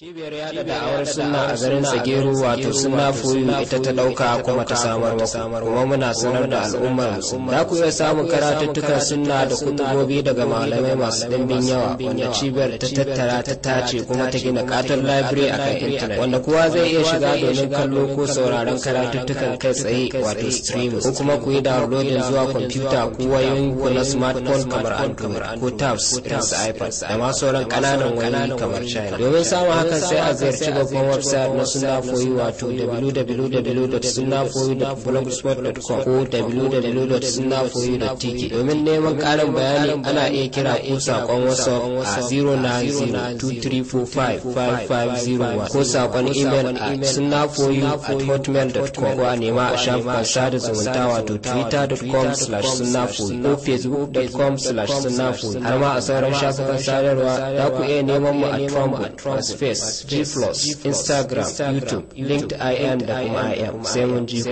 Cibiyar yada da'awar sunna a garin Sagero wato suna foyu ita ta ɗauka kuma ta samar kuma muna sanar da al'ummar za ku iya samun karatuttukan sunna da kutubobi daga malamai masu ɗimbin yawa wanda cibiyar ta tattara ta tace kuma ta gina katon library a kan intanet wanda kowa zai iya shiga domin kallo ko sauraron karatuttukan kai tsaye wato streaming ko kuma ku yi downloading zuwa kwamfuta ko wayoyin ku na smartphone kamar android ko tabs irin su ipad da ma sauran kananan wayoyi kamar china domin samun hakan sai a ziyarci babban website na suna foyi wato www.sunafoyi.blogspot.com ko www.sunafoyi.tk domin neman karin bayani ana iya kira ko sakon whatsapp a 090-2345-5501 ko sakon email a sunafoyi at hotmail.com ko a nema a shafukan sada zumunta wato twitter.com slash sunafoyi ko facebook.com slash sunafoyi har ma a sauran shafukan sadarwa za ku iya neman mu a trump a trump Space, GFloss, Instagram, YouTube, LinkedIn da kuma IM, sai mun ji ku.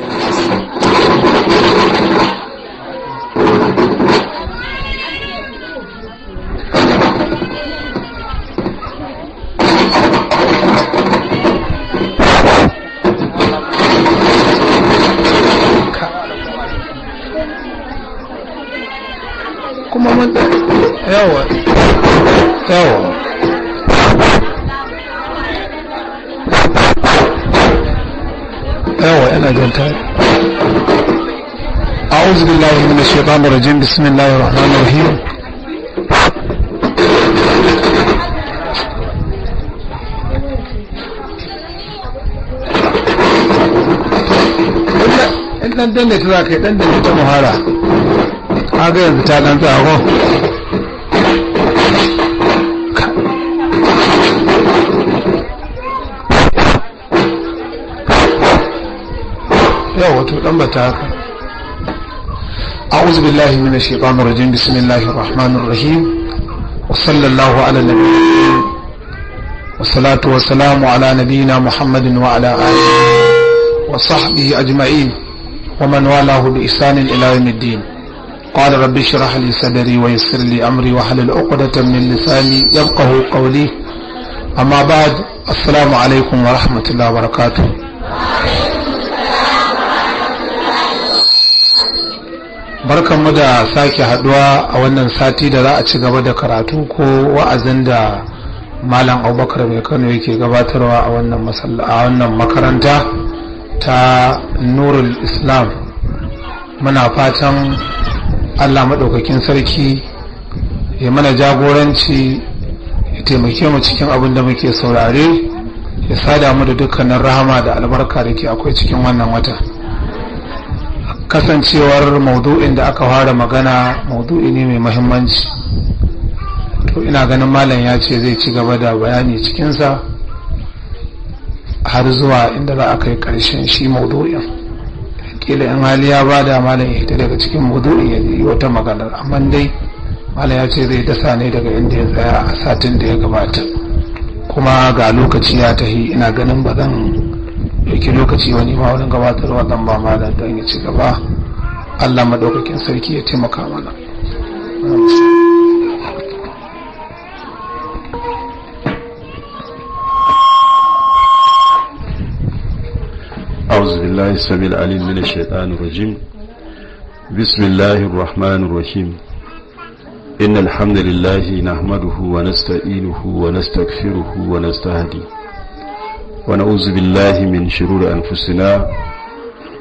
Kuma mun É, yawa تعالى أعوذ بالله من الشيطان الرجيم بسم الله الرحمن الرحيم dan dan da ta zaka dan da ta muhara kaga yanzu ta dan tsago yawa wato dan bata haka a'udhu billahi minash shaitanir rajim bismillahir rahmanir rahim wa sallallahu ala nabiyyi wa salatu wa salamu ala nabiyyina muhammadin wa ala alihi wa sahbihi ajma'in wa man walahu bi ihsanin ila yawmiddin قال رب اشرح لي صدري ويسر لي امري واحلل عقدة من لساني يفقه قولي اما بعد السلام عليكم ورحمة الله وبركاته mu da sake haduwa a wannan sati da za a ci gaba da karatu ko wa'azin da malam abubakar mai kano yake gabatarwa a wannan makaranta ta nurul islam muna fatan allah maɗaukakin sarki ya mana jagoranci ya taimake mu cikin abin da muke saurare ya sada mu da dukkanin rahama da albarka da ke akwai cikin wannan wata kasancewar maudu'in da aka fara magana maudu'i ne mai mahimmanci to ina ganin malam ya ce zai ci gaba da bayani cikinsa har zuwa inda za a kai karshen shi maudu'in kila in hali ya ba da malam ya hita daga cikin maudu'in ya yi wata maganar amma dai malam ya ce zai dasa ne daga inda ya tsaya a satin da ya gabata kuma ga lokaci ya tahi ina ganin ba zan dauki lokaci wani ma wurin gabatarwa dan ba ma dan dan ya ci gaba Allah madaukakin sarki ya taimaka mana أعوذ بالله السميع العليم من الشيطان الرجيم بسم الله الرحمن الرحيم إن الحمد لله نحمده ونستعينه ونستغفره ونستهديه ونعوذ بالله من شرور أنفسنا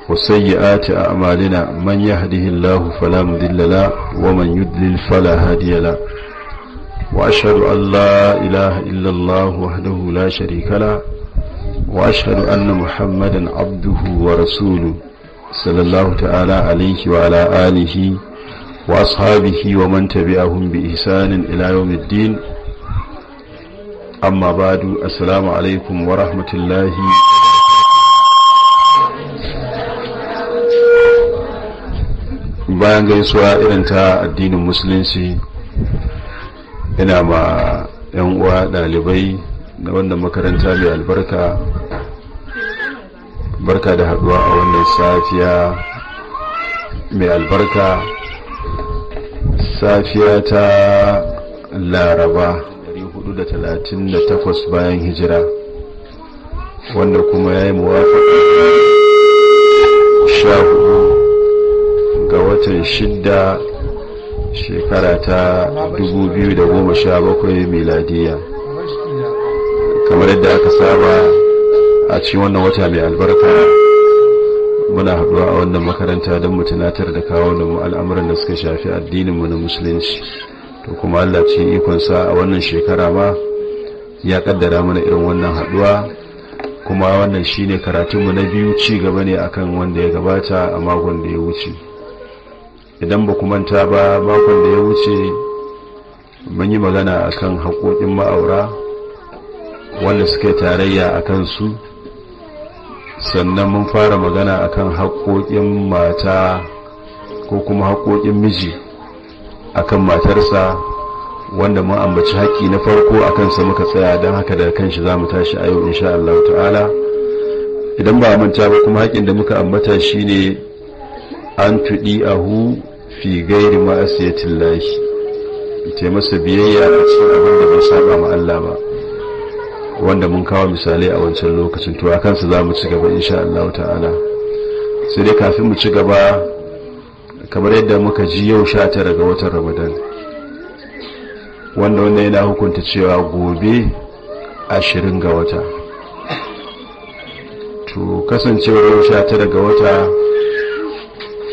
وسيئات أعمالنا من يهده الله فلا مذل له ومن يدلل فلا هادي له وأشهد أن لا إله إلا الله وحده لا شريك له وأشهد أن محمدا عبده ورسوله صلى الله تعالى عليه وعلى آله وأصحابه ومن تبعهم بإحسان إلى يوم الدين amma badu assalamu alaikum wa rahmatullahi bayan gaisuwa irin ta addinin musulunci ina ma yan uwa dalibai na wannan makaranta mai albarka barka da haduwa a wannan safiya mai albarka safiya ta laraba 438 bayan hijira wanda kuma ya yi muwafaka hudu ga watan shidda shekara ta 2017 miladiya kamar yadda aka saba a cikin wannan wata mai albarka muna haɗuwa a wannan makaranta don mu tunatar da kawo mu al'amuran da suka shafi addininmu na musulunci to kuma Allah ce ikonsa a wannan shekara ma ya kaddara mana irin wannan haduwa kuma wannan shine karatunmu na biyu ci gaba ne akan wanda ya gabata a makon da ya wuce idan ba ku manta ba makon da ya wuce mun yi magana akan haƙoƙin ma'aura wanda suke tarayya akan su sannan mun fara magana akan haƙoƙin mata ko kuma haƙoƙin miji akan matarsa wanda mun ambaci haƙi na farko akan sa muka tsaya don haka da kanshi za mu tashi a yau insha Allah ta'ala idan ba manta ba kuma haƙin da muka ambata shine an tudi ahu fi gairi ma'asiyatin lahi ita masa biyayya a cikin abin da bai saba ma Allah ba wanda mun kawo misalai a wancan lokacin to akan sa za mu ci gaba insha Allah ta'ala sai dai kafin mu ci gaba kamar yadda muka ji yau sha tara ga watan ramadan wanda wanda yana hukunta cewa gobe ashirin ga wata to kasancewar yau sha tara ga wata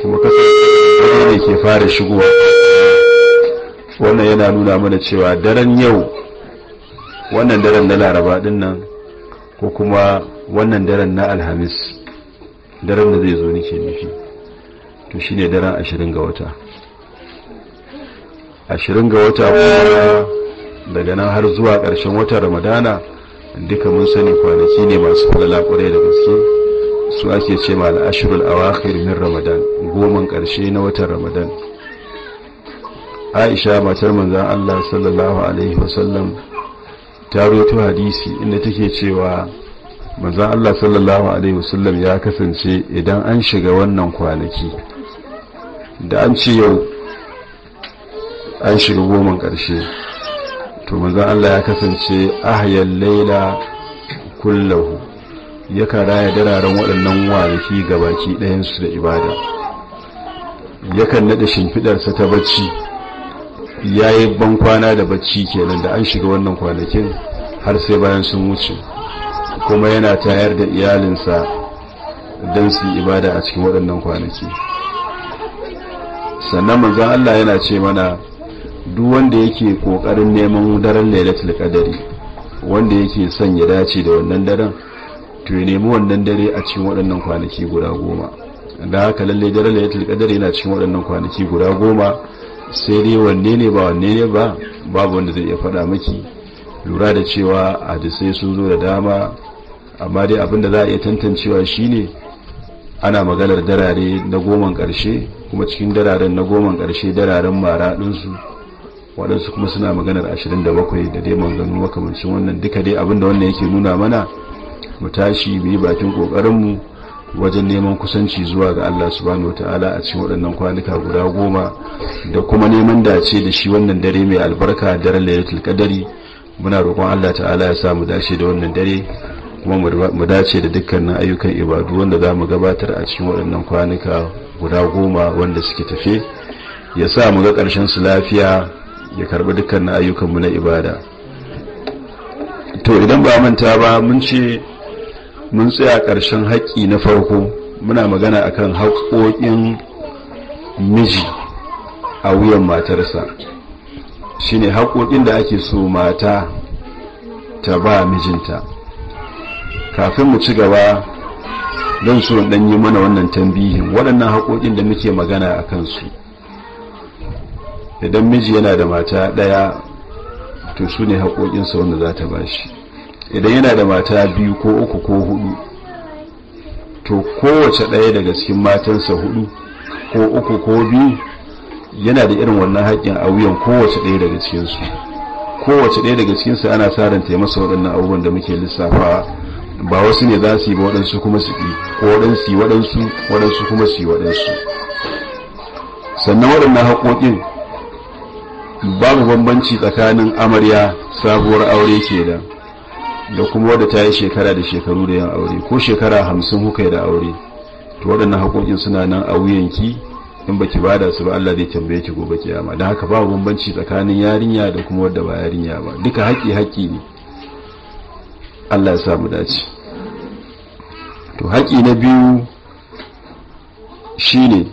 kuma kasancewar ne ke fara shigowa wannan yana nuna mana cewa daren yau wannan daren na laraba din nan ko kuma wannan daren na alhamis daren da zai zo nake nufi to ne daren ashirin ga wata ashirin ga wata kuma daga nan har zuwa ƙarshen wata ramadana duka mun sani kwanaki ne masu falala ƙwarai da gaske su ake ce ma al'ashirul a min ramadan goman ƙarshe na watan ramadan aisha matar manzan allah sallallahu alaihi wasallam ta roto hadisi inda take cewa manzan allah sallallahu alaihi wasallam ya kasance idan an shiga wannan kwanaki da an ce yau an shiga goma ƙarshe to manzan Allah ya kasance ahayar laila kullahu yakan raya dararen waɗannan wariki ga baki ɗayansu da ibada yakan naɗa shimfiɗarsa ta bacci ya yi ban kwana da bacci kenan da an shiga wannan kwanakin har sai bayan sun wuce kuma yana tayar da iyalinsa don su yi ibada a cikin waɗannan kwanaki sannan manzon Allah yana ce mana duk wanda yake kokarin neman daren lailatul qadari wanda yake son ya dace da wannan daren to ya nemi wannan dare a cikin waɗannan kwanaki guda goma da haka lalle daren lailatul qadari yana cikin waɗannan kwanaki guda goma sai dai wanne ne ba wanne ne ba babu wanda zai iya faɗa miki lura da cewa hadisai sun zo da dama amma dai abinda za a iya tantancewa shine ana maganar darare na goman karshe. kuma cikin dararen na goma ƙarshe dararen mara ɗinsu waɗansu kuma suna maganar 27 da dai maganganu makamancin wannan duka dai abinda wannan yake nuna mana mu tashi mai bakin bakin ƙoƙarinmu wajen neman kusanci zuwa ga Allah subhanahu ta'ala a cikin waɗannan kwanuka guda goma da kuma neman dace da shi wannan dare mai albarka daren lailatul qadari muna roƙon Allah ta'ala ya sa mu dace da wannan dare kuma mu dace da dukkanin ayyukan ibadu wanda za mu gabatar a cikin waɗannan kwanuka guda goma wanda suke tafe ya sa mu ga ƙarshen su lafiya ya karɓi dukkan ayyukanmu na ibada to idan ba manta ba mun ce mun tsaya ƙarshen haƙƙi na farko muna magana akan haƙoƙin miji a wuyan matarsa shine haƙoƙin da ake so mata ta ba mijinta kafin mu ci gaba don su dan yi mana wannan tambihin waɗannan haƙoƙin da muke magana a kansu idan miji yana da mata ɗaya to su ne haƙoƙinsa wanda za ta bashi idan yana da mata biyu ko uku ko hudu to kowace ɗaya daga cikin matansa hudu ko uku ko biyu yana da irin wannan haƙƙin a wuyan kowace ɗaya daga cikinsu kowace ɗaya daga cikinsu ana sa ran masa waɗannan abubuwan da muke lissafawa. ba wasu ne za su yi ba waɗansu kuma su yi ko waɗansu yi waɗansu waɗansu kuma su yi waɗansu sannan waɗannan haƙoƙin babu bambanci tsakanin amarya sabuwar aure ke da da kuma wadda ta yi shekara da shekaru da yan aure ko shekara hamsin hukai da aure to waɗannan haƙoƙin suna nan a wuyanki in baki bada su ba Allah zai tambaye ki gobe kiyama don haka babu bambanci tsakanin yarinya da kuma wadda ba yarinya ba duka haƙi haƙi ne Allah ya samu dace to haƙi na biyu shine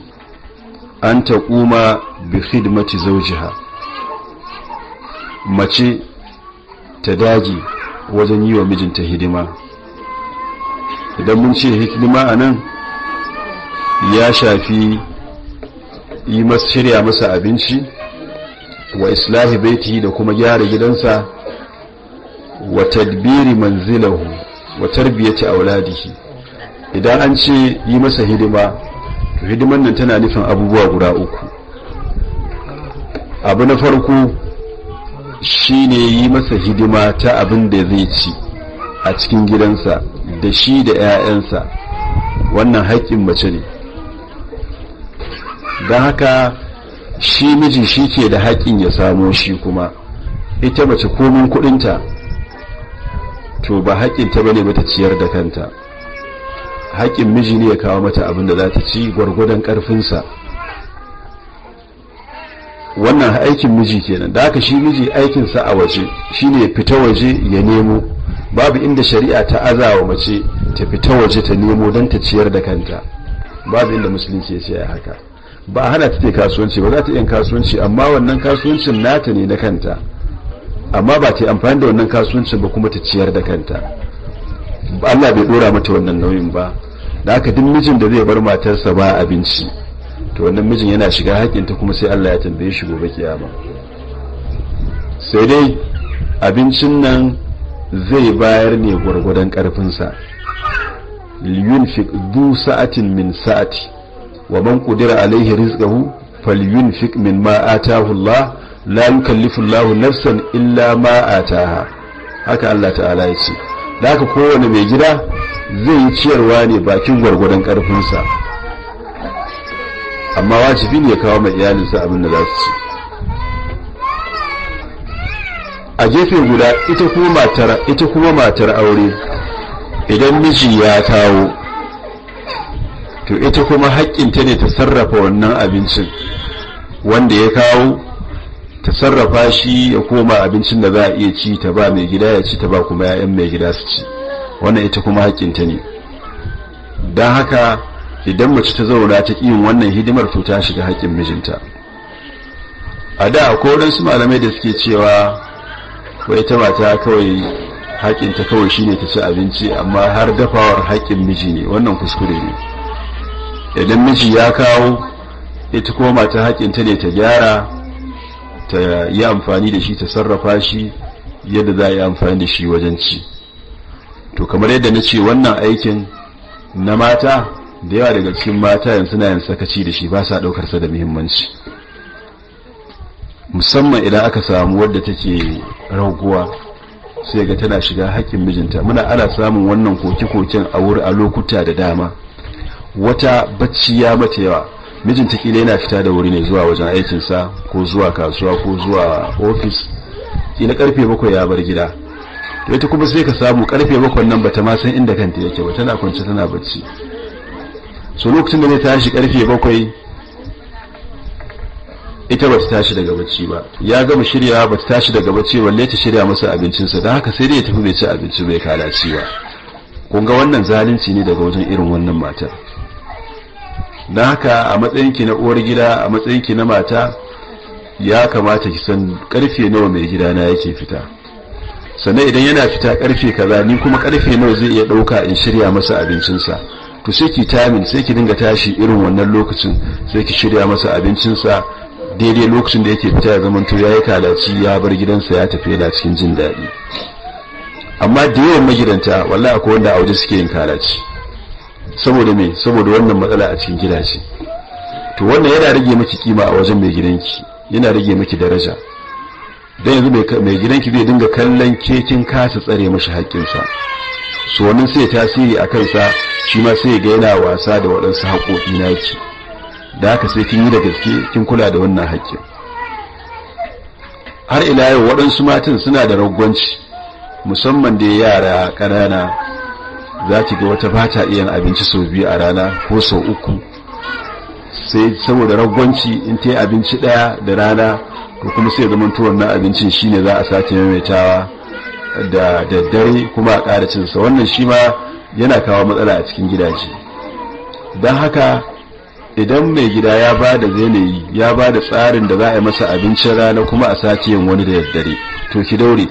an taƙuma bi khidmati zawjiha mace ta daji wajen yi wa mijinta hidima idan mun ce hidima anan ya shafi yi masa shirya masa abinci wa islahi baiti da kuma gyara gidansa wa tadbiri manzilahu wa tarbiyati auladihi idan an ce yi masa hidima to hidiman nan tana nufin abubuwa guda uku abu na farko shine yi masa hidima ta abin da zai ci a cikin gidansa da shi da 'ya'yansa wannan haƙƙin mace ne don haka shi miji shi ke da haƙƙin ya samo shi kuma ita mace komin kuɗinta to ba ta bane ba ta ciyar da kanta haƙƙin miji ne ya kawo mata abin da za ta ci gwargwadon ƙarfinsa wannan aikin miji kenan da haka shi miji aikinsa a waje shine fita waje ya nemo babu inda shari'a ta azawa mace ta fita waje ta nemo don ta ciyar da kanta babu inda musulunci ya ce haka ba hana ta kasuwanci ba za ta iya kasuwanci amma wannan kasuwancin nata ne na kanta amma ba ta amfani da wannan kasuwancin ba kuma ta ciyar da kanta Allah bai dora mata wannan nauyin ba da aka duk mijin da zai bar matarsa ba abinci to wannan mijin yana shiga hakinta kuma sai Allah ya tambaye shi gobe kiyama sai dai abincin nan zai bayar ne gwargwadon ƙarfinsa liyunfik du sa'atin min sa'ati wa man qudira alaihi rizquhu falyunfiq min ma atahu Allah la yukallifu Allahu nafsan illa ma ataha haka Allah ta'ala ya ce da haka kowane mai gida zai yi ciyarwa ne bakin gwargwadon karfinsa amma wajibi ne ya kawo mai iyalinsa abin da za su ci a gefe guda ita kuma matar ita kuma matar aure idan miji ya kawo to ita kuma ta ne ta sarrafa wannan abincin wanda ya kawo ta sarrafa shi ya koma abincin da za a iya ci ta ba mai gida ya ci ta ba kuma ya'yan mai gida su ci wannan ita kuma hakinta ne don haka idan mace ta zauna ta yin wannan hidimar to ta shiga haƙƙin mijinta a da akwai waɗansu malamai da suke cewa wai ta mata kawai haƙƙinta kawai shine ta ci abinci amma har dafawar haƙin miji ne wannan kuskure ne idan miji ya kawo ita kuma mata hakinta ne ta gyara ta yi amfani da shi ta sarrafa shi yadda za a yi amfani da shi wajen ci to kamar yadda na ce wannan aikin na mata da yawa daga cikin mata yanzu na yin sakaci da shi ba sa ɗaukarsa da muhimmanci musamman idan aka samu wadda take raguwa sai ga tana shiga hakkin mijinta muna ana samun wannan koke-koken a wuri a lokuta da dama wata bacci ya mata yawa mijin ta kila yana fita da wuri ne zuwa wajen aikinsa ko zuwa kasuwa ko zuwa ofis kila karfe bakwai ya bar gida to ita kuma sai ka samu karfe bakwai nan bata ma san inda kanta yake ba tana kwance tana bacci so lokacin da ta tashi karfe bakwai ita ba ta tashi daga bacci ba ya gama ba ta tashi daga bacci balle ta shirya masa abincinsa don haka sai dai ya tafi bai ci abinci bai kala ciwa kun ga wannan zalunci ne daga wajen irin wannan matar na haka a matsayinki na uwar gida a ki na mata ya kamata ki san karfe nawa mai gida na yake fita sannan idan yana fita karfe kaza ni kuma karfe nawa zai iya dauka in shirya masa abincinsa to sai ki tamin sai ki dinga tashi irin wannan lokacin sai ki shirya masa abincinsa daidai lokacin da yake fita ya zama to yayi kalaci ya bar gidansa ya tafi da cikin jin daɗi amma da yawan magidanta wallahi akwai wanda a waje suke yin kalaci saboda me saboda wannan matsala a cikin gidaje to wannan yana rage miki kima a wajen mai gidanki yana rage miki daraja dan yanzu mai gidanki zai dinga kallon kekin kasa tsare mashi haƙƙinsa so wannan sai tasiri a kansa shi ma sai ga yana wasa da waɗansu haƙoƙi na ki da haka sai kin yi da gaske kin kula da wannan haƙƙin har ila yau waɗansu matan suna da ragwanci musamman da yara ƙanana za ki ga wata fata iya iya abinci sau biyu a rana ko sau uku sai saboda ragwanci in ta abinci ɗaya da rana to kuma sai zaman tuwon na abincin shine za a sake maimaitawa da daddare kuma a ƙara cinsa wannan shi ma yana kawo matsala a cikin gidaje don haka idan mai gida ya ba da zanayi ya ba da tsarin da za a yi masa abincin rana kuma a sake yin wani da daddare to ki daure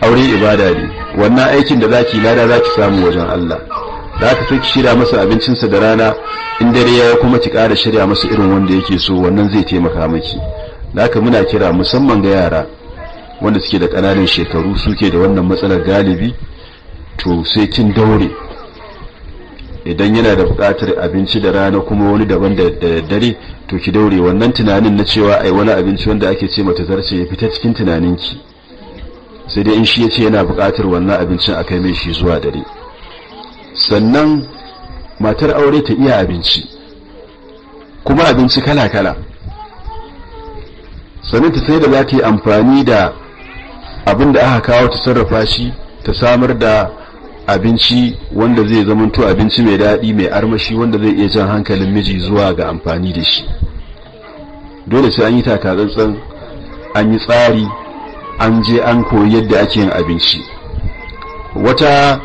aure ibada ne wannan aikin da zaki lada zaki samu wajen Allah zaka aka ki shirya masa abincinsa da rana in dare ya kuma ki kara shirya masa irin wanda yake so wannan zai taimaka miki da aka muna kira musamman ga yara wanda suke da kananan shekaru suke da wannan matsalar galibi to sai kin daure idan yana da buƙatar abinci da rana kuma wani daban da dare to ki daure wannan tunanin na cewa ai wani abinci wanda ake ce mata zarce ya fita cikin tunaninki sai dai in shi ya ce yana bukatar wannan abincin a kai mai shi zuwa dare sannan matar aure ta iya abinci kuma abinci kala-kala sannan ta sai da za ta yi amfani da abin da aka kawo ta sarrafa shi ta samar da abinci wanda zai zamanto abinci mai daɗi mai armashi wanda zai iya jan hankalin miji zuwa ga amfani da shi dole sai an yi takatsantsan an yi tsari an je an koyi yadda ake yin abinci wata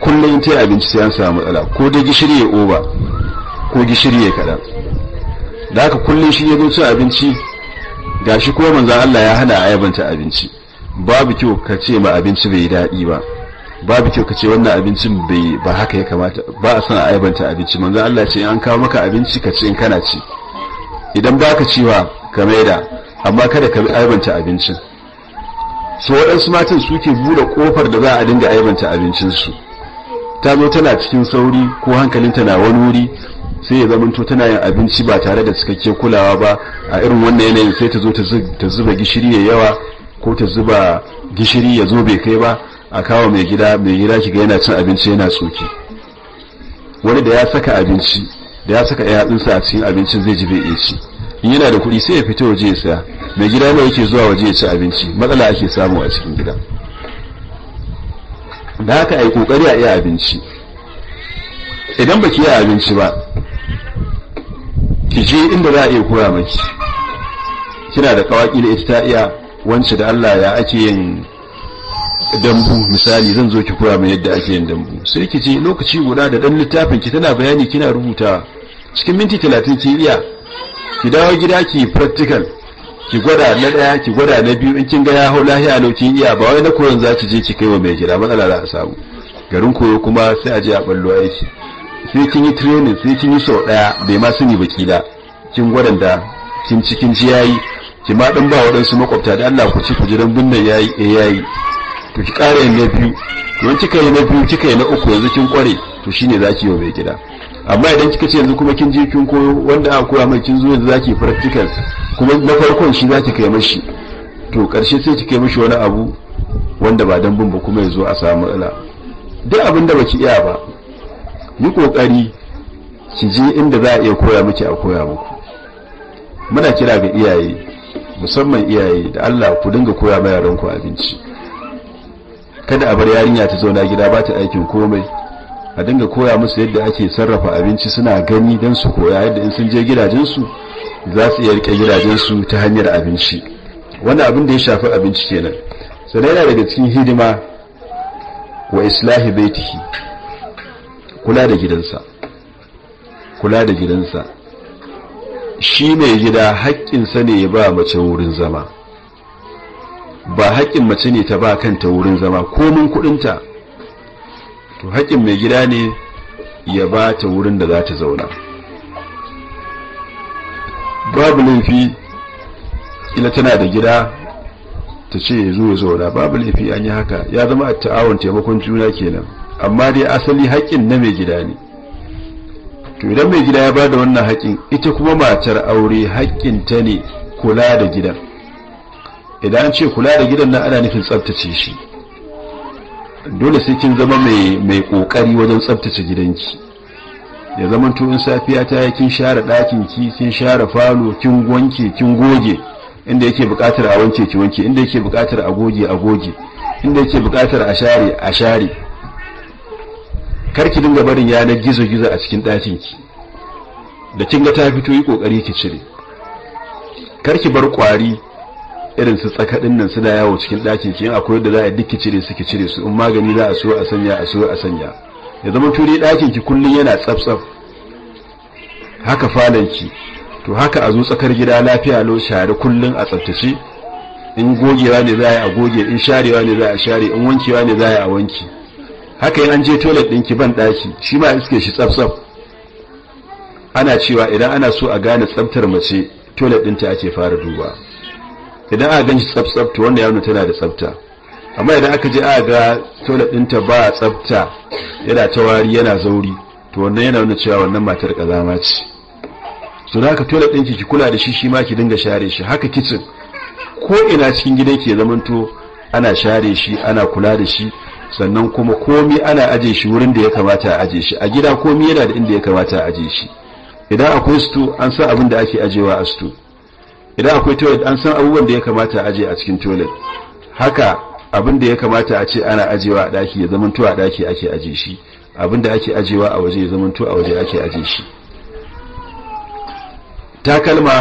kullum ta abinci sai an samu matsala ko da gishiri ya oba ko gishiri ya kaɗan da haka kullum shi ya zo cin abinci gashi ko manzo Allah ya hana ayabanta abinci babu kyau ka ce ma abinci bai daɗi ba babu kyau ka ce wannan abincin bai ba haka ya kamata ba a son ayabanta abinci manzo Allah ce an kawo maka abinci ka ce in kana ci idan baka ci ba ka maida amma kada ka aibanta abincin su waɗansu matan suke buɗe kofar da za a dinga aibanta abincinsu ta zo tana cikin sauri ko hankalinta na wani wuri sai ya zamanto tana yin abinci ba tare da cikakke kulawa ba a irin wannan yanayin sai ta zo ta zuba gishiri ya yawa ko ta zuba gishiri ya zo bai kai ba a kawo mai gida mai gida ga yana cin abinci yana tsoki wani da ya saka abinci da ya saka yatsunsa a cikin abincin zai ji bai iya ci yana da kuɗi sai ya fita waje ya saya mai gida ne yake zuwa waje ya ci abinci matsala ake samu a cikin gida da haka ai yi a iya abinci idan baki iya abinci ba ki je inda za a iya koya maki kina da kawaki da ita ta iya wance da Allah ya ake yin dambu misali zan zo ki koya mai yadda ake yin dambu sai ki je lokaci guda da dan littafin ki tana bayani kina rubuta cikin minti 30 ki iya ki dawo gida ki practical ki gwada na daya ki gwada na biyu in kin ga ya hau lahiya lau kin iya ba wai na koyon za ki je ki kai wa mai gida matsala za a samu garin koyo kuma sai a je a ballo aiki sai kin yi training sai kin yi sau daya bai ma sani ba kila kin gwada da kin cikin ji yayi ki ma dan ba waɗansu makwabta da Allah ku ci ku jiran binnan yayi eh yayi to ki ƙara yin na biyu ko kika yi na biyu kika yi na uku yanzu kin kware to shine za ki yi wa mai gida amma idan kika ce yanzu kuma kin je kin koyo wanda aka koya mai kin zo yanzu zaki practical kuma na farkon shi zaki kai mashi to karshe sai ki kai mashi wani abu wanda ba dan bin ba kuma yazo a samu ala duk abin da baki iya ba yi kokari ki je inda za a iya koya miki a koya muku muna kira ga iyaye musamman iyaye da Allah ku dinga koya ma yaranku abinci kada a bar yarinya ta zauna gida ba ta aikin komai a dinga koya musu yadda ake sarrafa abinci suna gani don su koya yadda in sun je gidajensu za su iya rike gidajensu ta hanyar abinci wani abin da ya shafi abinci kenan sannan yana daga cikin hidima wa islahi baitihi kula da gidansa kula da gidansa shi mai gida haƙƙinsa ne ya ba mace wurin zama ba haƙƙin mace ne ta ba kanta wurin zama komin kuɗinta to haƙin mai gida ne ya ba ta wurin da za ta zauna babu laifi ila tana da gida ta ce ya zo ya zauna babu laifi an yi haka ya zama a ta'awon taimakon juna kenan amma dai asali haƙƙin na mai gida ne to idan mai gida ya ba da wannan haƙin ita kuma matar aure ta ne kula da gidan idan ce kula da gidan na, ana nufin tsabtace shi dole sai kin zama mai mai kokari wajen tsaftace gidanki ya zama to in safiya ta yi kin share ɗakin ki kin share falo kin wanke kin goge inda yake buƙatar a wanke ki wanke inda yake buƙatar a goge a goge inda yake buƙatar a share a share karki dinga barin yanar gizo gizo a cikin ɗakin ki da kin ga ta fito yi kokari ki cire karki bar kwari irin su tsakadin nan suna yawo cikin ɗakin ki akwai da za a duk cire su cire su in magani za a so a sanya a so a sanya ya zama turi ɗakin ki kullun yana tsaftsaf haka falon ki to haka a zo tsakar gida lafiya lo share kullun a tsaftace in gogewa ne za a goge in sharewa ne za a share in wankewa ne za a wanki haka yin an je toilet ki ban ɗaki shi ma iske shi tsaftsaf ana cewa idan ana so a gane tsaftar mace toilet ɗinta ake fara duba idan aka ganshi tsaf to wanda ya nuna tana da tsafta amma idan aka je aka ga toilet dinta ba tsafta yana ta wari yana zauri to wannan yana nuna cewa wannan matar kazama ce to haka toilet ki, ki kula da shi shi ma ki dinga share shi haka kitchen ko ina cikin ki ya zamanto ana share shi ana kula da shi sannan kuma komi ana aje shi wurin da ya kamata a aje shi a gida komi yana da inda ya kamata a aje shi idan akwai sto an san abin da ake ajewa a sto idan akwai toilet an san abubuwan da ya kamata a aje a cikin toilet haka abin da ya kamata a ce ana ajewa a daki ya zamanto a daki ake aje shi abin da ake ajewa a waje ya zamanto a waje ake aje shi takalma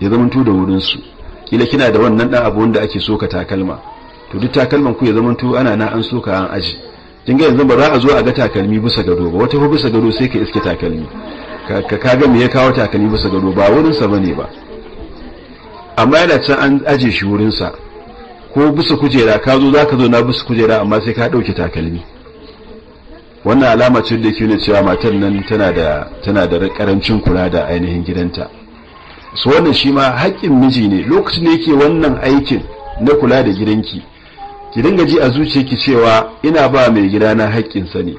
ya zamanto da wurinsu kila kina da wannan dan abu wanda ake soka takalma to duk takalman ku ya zamanto ana na an soka an aji kin ga yanzu ba za a zo a ga takalmi bisa gado ba wata bisa gado sai ka iske takalmi ka ka ga me ya kawo takalmi bisa gado ba wurin sa bane ba amma yana can an aje shi wurinsa ko bisa kujera ka zo za ka zo na bisa kujera amma sai ka ɗauke takalmi wannan alama ce da ke cewa matan nan tana da tana da karancin kula da ainihin gidanta su wannan shi ma haƙƙin miji ne lokacin da yake wannan aikin na kula da gidanki ki dinga ji a zuciyarki cewa ina ba mai gidana haƙƙinsa ne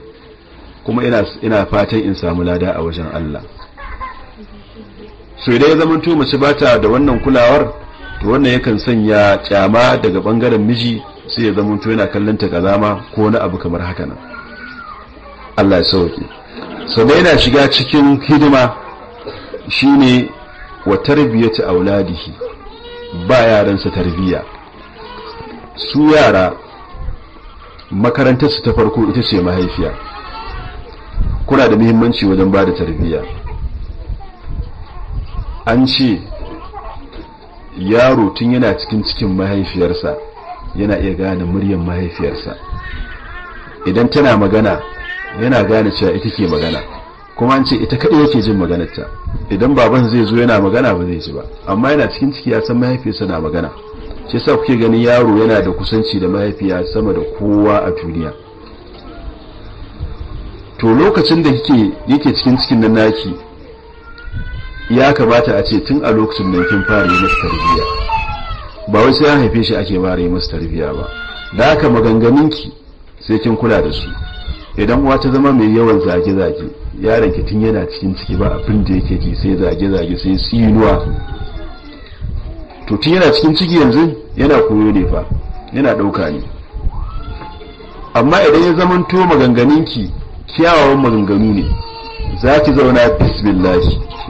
kuma ina ina fatan in samu lada a wajen Allah so idan ya zamanto mace ba ta da wannan kulawar to wannan yakan sanya kyama daga bangaren miji sai ya zamanto yana kallon ta kazama ko wani abu kamar haka nan Allah ya sauke so da yana shiga cikin hidima shine wa tarbiyatu auladihi ba yaransa tarbiya su yara makarantarsu ta farko ita ce mahaifiya kuna da muhimmanci wajen ba da tarbiyya an ce yaro tun yana cikin cikin mahaifiyarsa yana iya gane muryan mahaifiyarsa idan tana magana yana gane cewa ita ke magana kuma an ce ita kaɗai yake jin maganarta idan baban zai zo yana magana ba zai ji ba amma yana cikin ciki ya san mahaifiyarsa na magana shi yasa kuke ganin yaro yana da kusanci da mahaifiya sama da kowa a duniya to lokacin da yake cikin cikin nan naki ya kamata a ce tun a lokacin nan kin fara yi masa tarbiyya ba wai sai an haife shi ake fara yi masa tarbiyya ba da haka maganganunki sai kin kula da su idan uwa ta zama mai yawan zage-zage yaron ki tun yana cikin ciki ba abin da yake ji sai zage-zage sai tsinuwa to tun yana cikin ciki yanzu yana koyo ne fa yana ɗauka ne amma idan ya zama to maganganunki kyawawan maganganu ne za ki zauna bismillah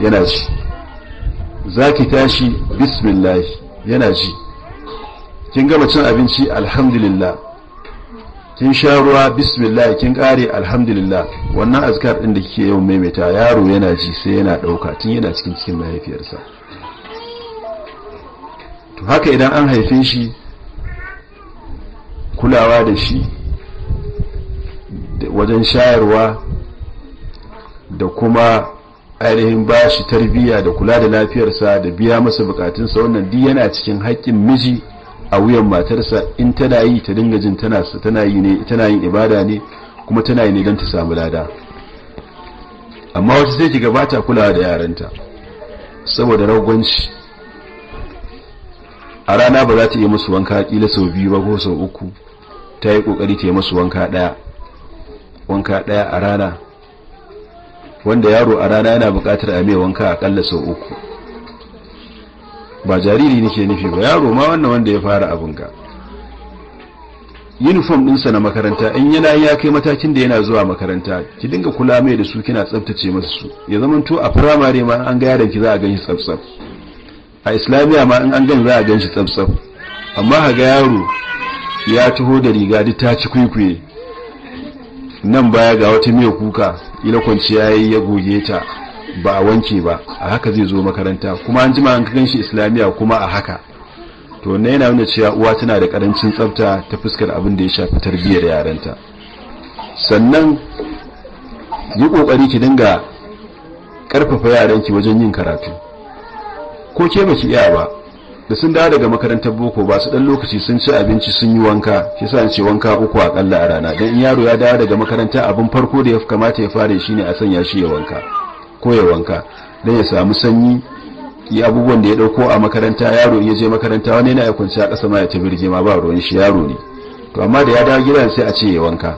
yana ji za ki tashi bismillah yana ji kin gama cin abinci alhamdulillah kin sha ruwa bismillah kin kare alhamdulillah wannan azkar din da kike yawan maimaita yaro yana ji sai yana dauka tun yana cikin cikin mahaifiyarsa to haka idan an haife shi kulawa da shi wajen shayarwa da kuma ainihin ba shi tarbiyya da kula da lafiyarsa da biya masa bukatunsa wannan duk yana cikin haƙƙin miji a wuyan matarsa in tana yi ta dinga jin tana tana yi ne tana yin ibada ne kuma tana yi ne don ta samu lada amma wata sai ki gabata kulawa da yaranta saboda ragwanci a rana ba za ta yi musu wanka kila sau biyu ba ko sau uku ta yi kokari ta yi musu wanka daya wanka daya a rana wanda yaro a rana yana buƙatar a mai wanka akalla sau uku ba jariri nake nufi ba yaro ma wannan wanda ya fara abin ka uniform ɗinsa na makaranta in yana ya kai matakin da yana zuwa makaranta ki dinga kula mai da su kina tsaftace masu su ya zama to a firamare ma an ga yaron ki za a ganshi tsabtsab. a islamiya ma in an gan za a ganshi tsabtsab. amma haga yaro ya taho da riga duk ta ci kwaikwaye nan baya ga wata miya kuka ila kwanciya yayi ya goge ta ba a wanke ba a haka zai zo makaranta kuma an jima an kan shi islamiya kuma a haka to na yana nuna cewa uwa tana da karancin tsafta ta fuskar abin da ya shafi tarbiyyar yaranta sannan yi kokari ki dinga karfafa yaranki wajen yin karatu ko ke baki iya ba da sun dawo daga makarantar boko ba su dan lokaci sun ci abinci sun yi wanka shi sa ce wanka uku a kalla a rana dan yaro ya dawo daga makaranta abin farko da ya kamata ya fara shine a sanya shi ya wanka ko ya wanka dan ya samu sanyi ya abubuwan da ya dauko a makaranta yaro ya je makaranta wani yana ya kwanci a kasa ma ya tabirje ma ba ruwan shi yaro ne to amma da ya dawo gida sai a ce ya wanka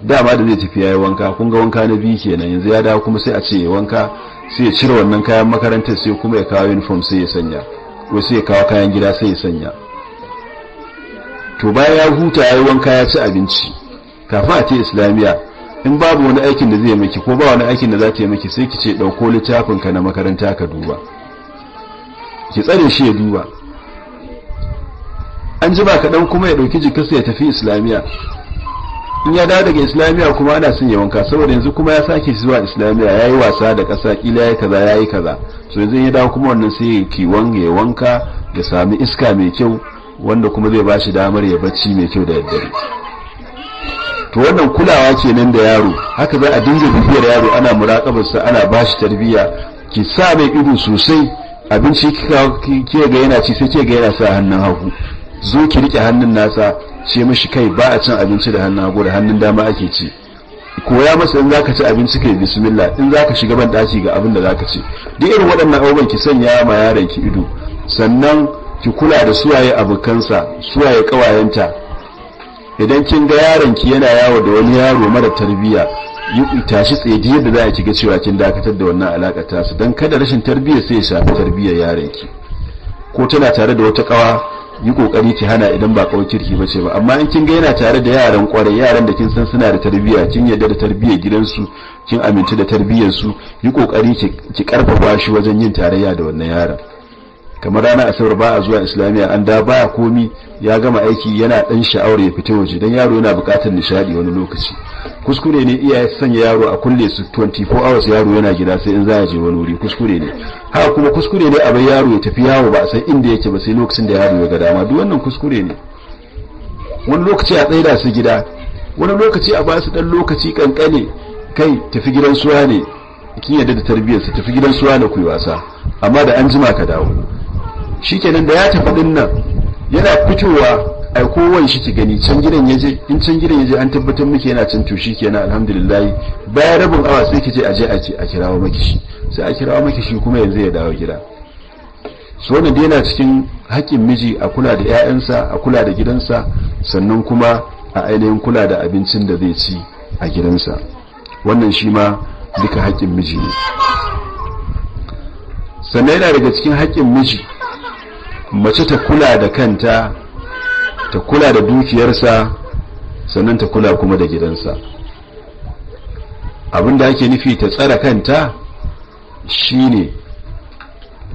dama da zai tafi yayi wanka kun ga wanka na biyu kenan yanzu ya dawo kuma sai a ce ya wanka sai ya cire wannan kayan makarantar sai kuma ya kawo uniform sai ya sanya wasu ya kawo kayan gida sai ya sanya to bayan ya huta ya yi wanka ya ci abinci kafin a ce islamiyya in babu wani aikin da zai miki ko ba wani aikin da za ta yi miki sai ki ce ɗauko ka na makaranta ka duba ki tsare shi ya duba an ji ba kaɗan kuma ya ɗauki jikinsa ya tafi islamiyya in ya dawo daga islamiya kuma ana son ya wanka saboda yanzu kuma ya sake zuwa islamiyya ya yi wasa da kasa kila ya kaza ya yi kaza so yanzu ya dawo kuma wannan sai ya wanga ya wanka ya sami iska mai kyau wanda kuma zai ba shi damar ya bacci mai kyau da daddare to wannan kulawa kenan da yaro haka za a dinga bibiyar yaro ana muraƙabarsa ana bashi tarbiyya ki sa mai ido sosai abinci kike ga yana ci sai kike ga yana sa hannun hagu zo ki rike hannun nasa ce mashi kai ba a cin abinci da hannun hagu da hannun dama ake ci koya masa in zaka ci abinci kai bismillah in zaka shiga ban daki ga abin da zaka ci duk irin waɗannan abubuwan ki sanya ma yaron ki ido sannan ki kula da suwaye abokansa suwaye kawayenta idan kin ga yaron ki yana yawo da wani yaro mara tarbiyya yi tashi tsaye yadda za a kiga cewa kin dakatar da wannan alaka ta su dan kada rashin tarbiyya sai ya shafi tarbiyyar yaron ki ko tana tare da wata kawa yi kokari ki hana idan ba kawai kirki ba ce ba amma in kin ga yana tare da yaran kwarai yaran da kin san suna da tarbiyya kin yarda da tarbiyyar gidansu kin aminta da tarbiyyar su yi kokari ki karfafa shi wajen yin tarayya da wannan yaran kamar rana asabar ba a zuwa islamiyya an da baya komi ya gama aiki yana dan sha'awar ya fita waje dan yaro yana bukatar nishadi wani lokaci kuskure ne iyaye sanya yaro a kulle su 24 hours yaro yana gida sai in za ya je wani wuri kuskure ne haka kuma kuskure ne a bai yaro ya tafi yawo ba a inda yake ba sai lokacin da yaro ya ga dama duk wannan kuskure ne wani lokaci a tsaida su gida wani lokaci a ba su dan lokaci kankane kai tafi gidan suwa ne kin yadda da tarbiyyar su tafi gidan suwa ne ku wasa amma da an jima ka dawo shikenan da ya tafi din nan yana fitowa ai kowan shi ki gani can gidan yaje in can gidan yaje an tabbatar miki yana can tushi kenan alhamdulillah bayan rabin awa sai ki je aje a ce a kirawo maki shi sai a kirawo maki shi kuma yanzu ya dawo gida su wannan da yana cikin haƙƙin miji a kula da 'ya'yansa a kula da gidansa sannan kuma a ainihin kula da abincin da zai ci a gidansa wannan shi ma duka haƙƙin miji ne sannan yana daga cikin haƙƙin miji mace ta kula da kanta ta kula da dukiyarsa sannan ta kula kuma da gidansa Abin da ake nufi ta tsara kanta shine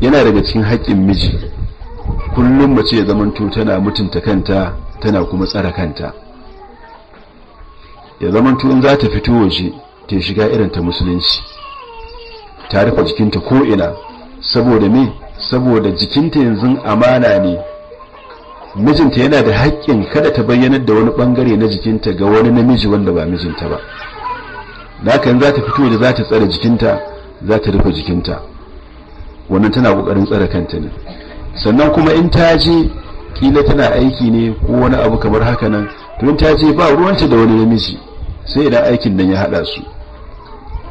yana daga cikin haƙƙin miji kullum mace ya zamanto tana mutunta kanta tana kuma tsara kanta ya zamanto in za ta fito waje ta shiga irin ta musulunci ta rufe jikinta ko'ina saboda me saboda jikinta yanzu amana ne mijinta yana da haƙƙin kada ta bayyanar da wani bangare na jikinta ga wani namiji wanda ba mijinta ba da hakan za ta fito da za ta tsare jikinta za ta rufe jikinta wannan tana ƙoƙarin tsara kanta ne sannan kuma in ta je kila tana aiki ne ko wani abu kamar haka nan to in ta je ba ruwanta da wani namiji sai idan aikin nan ya haɗa su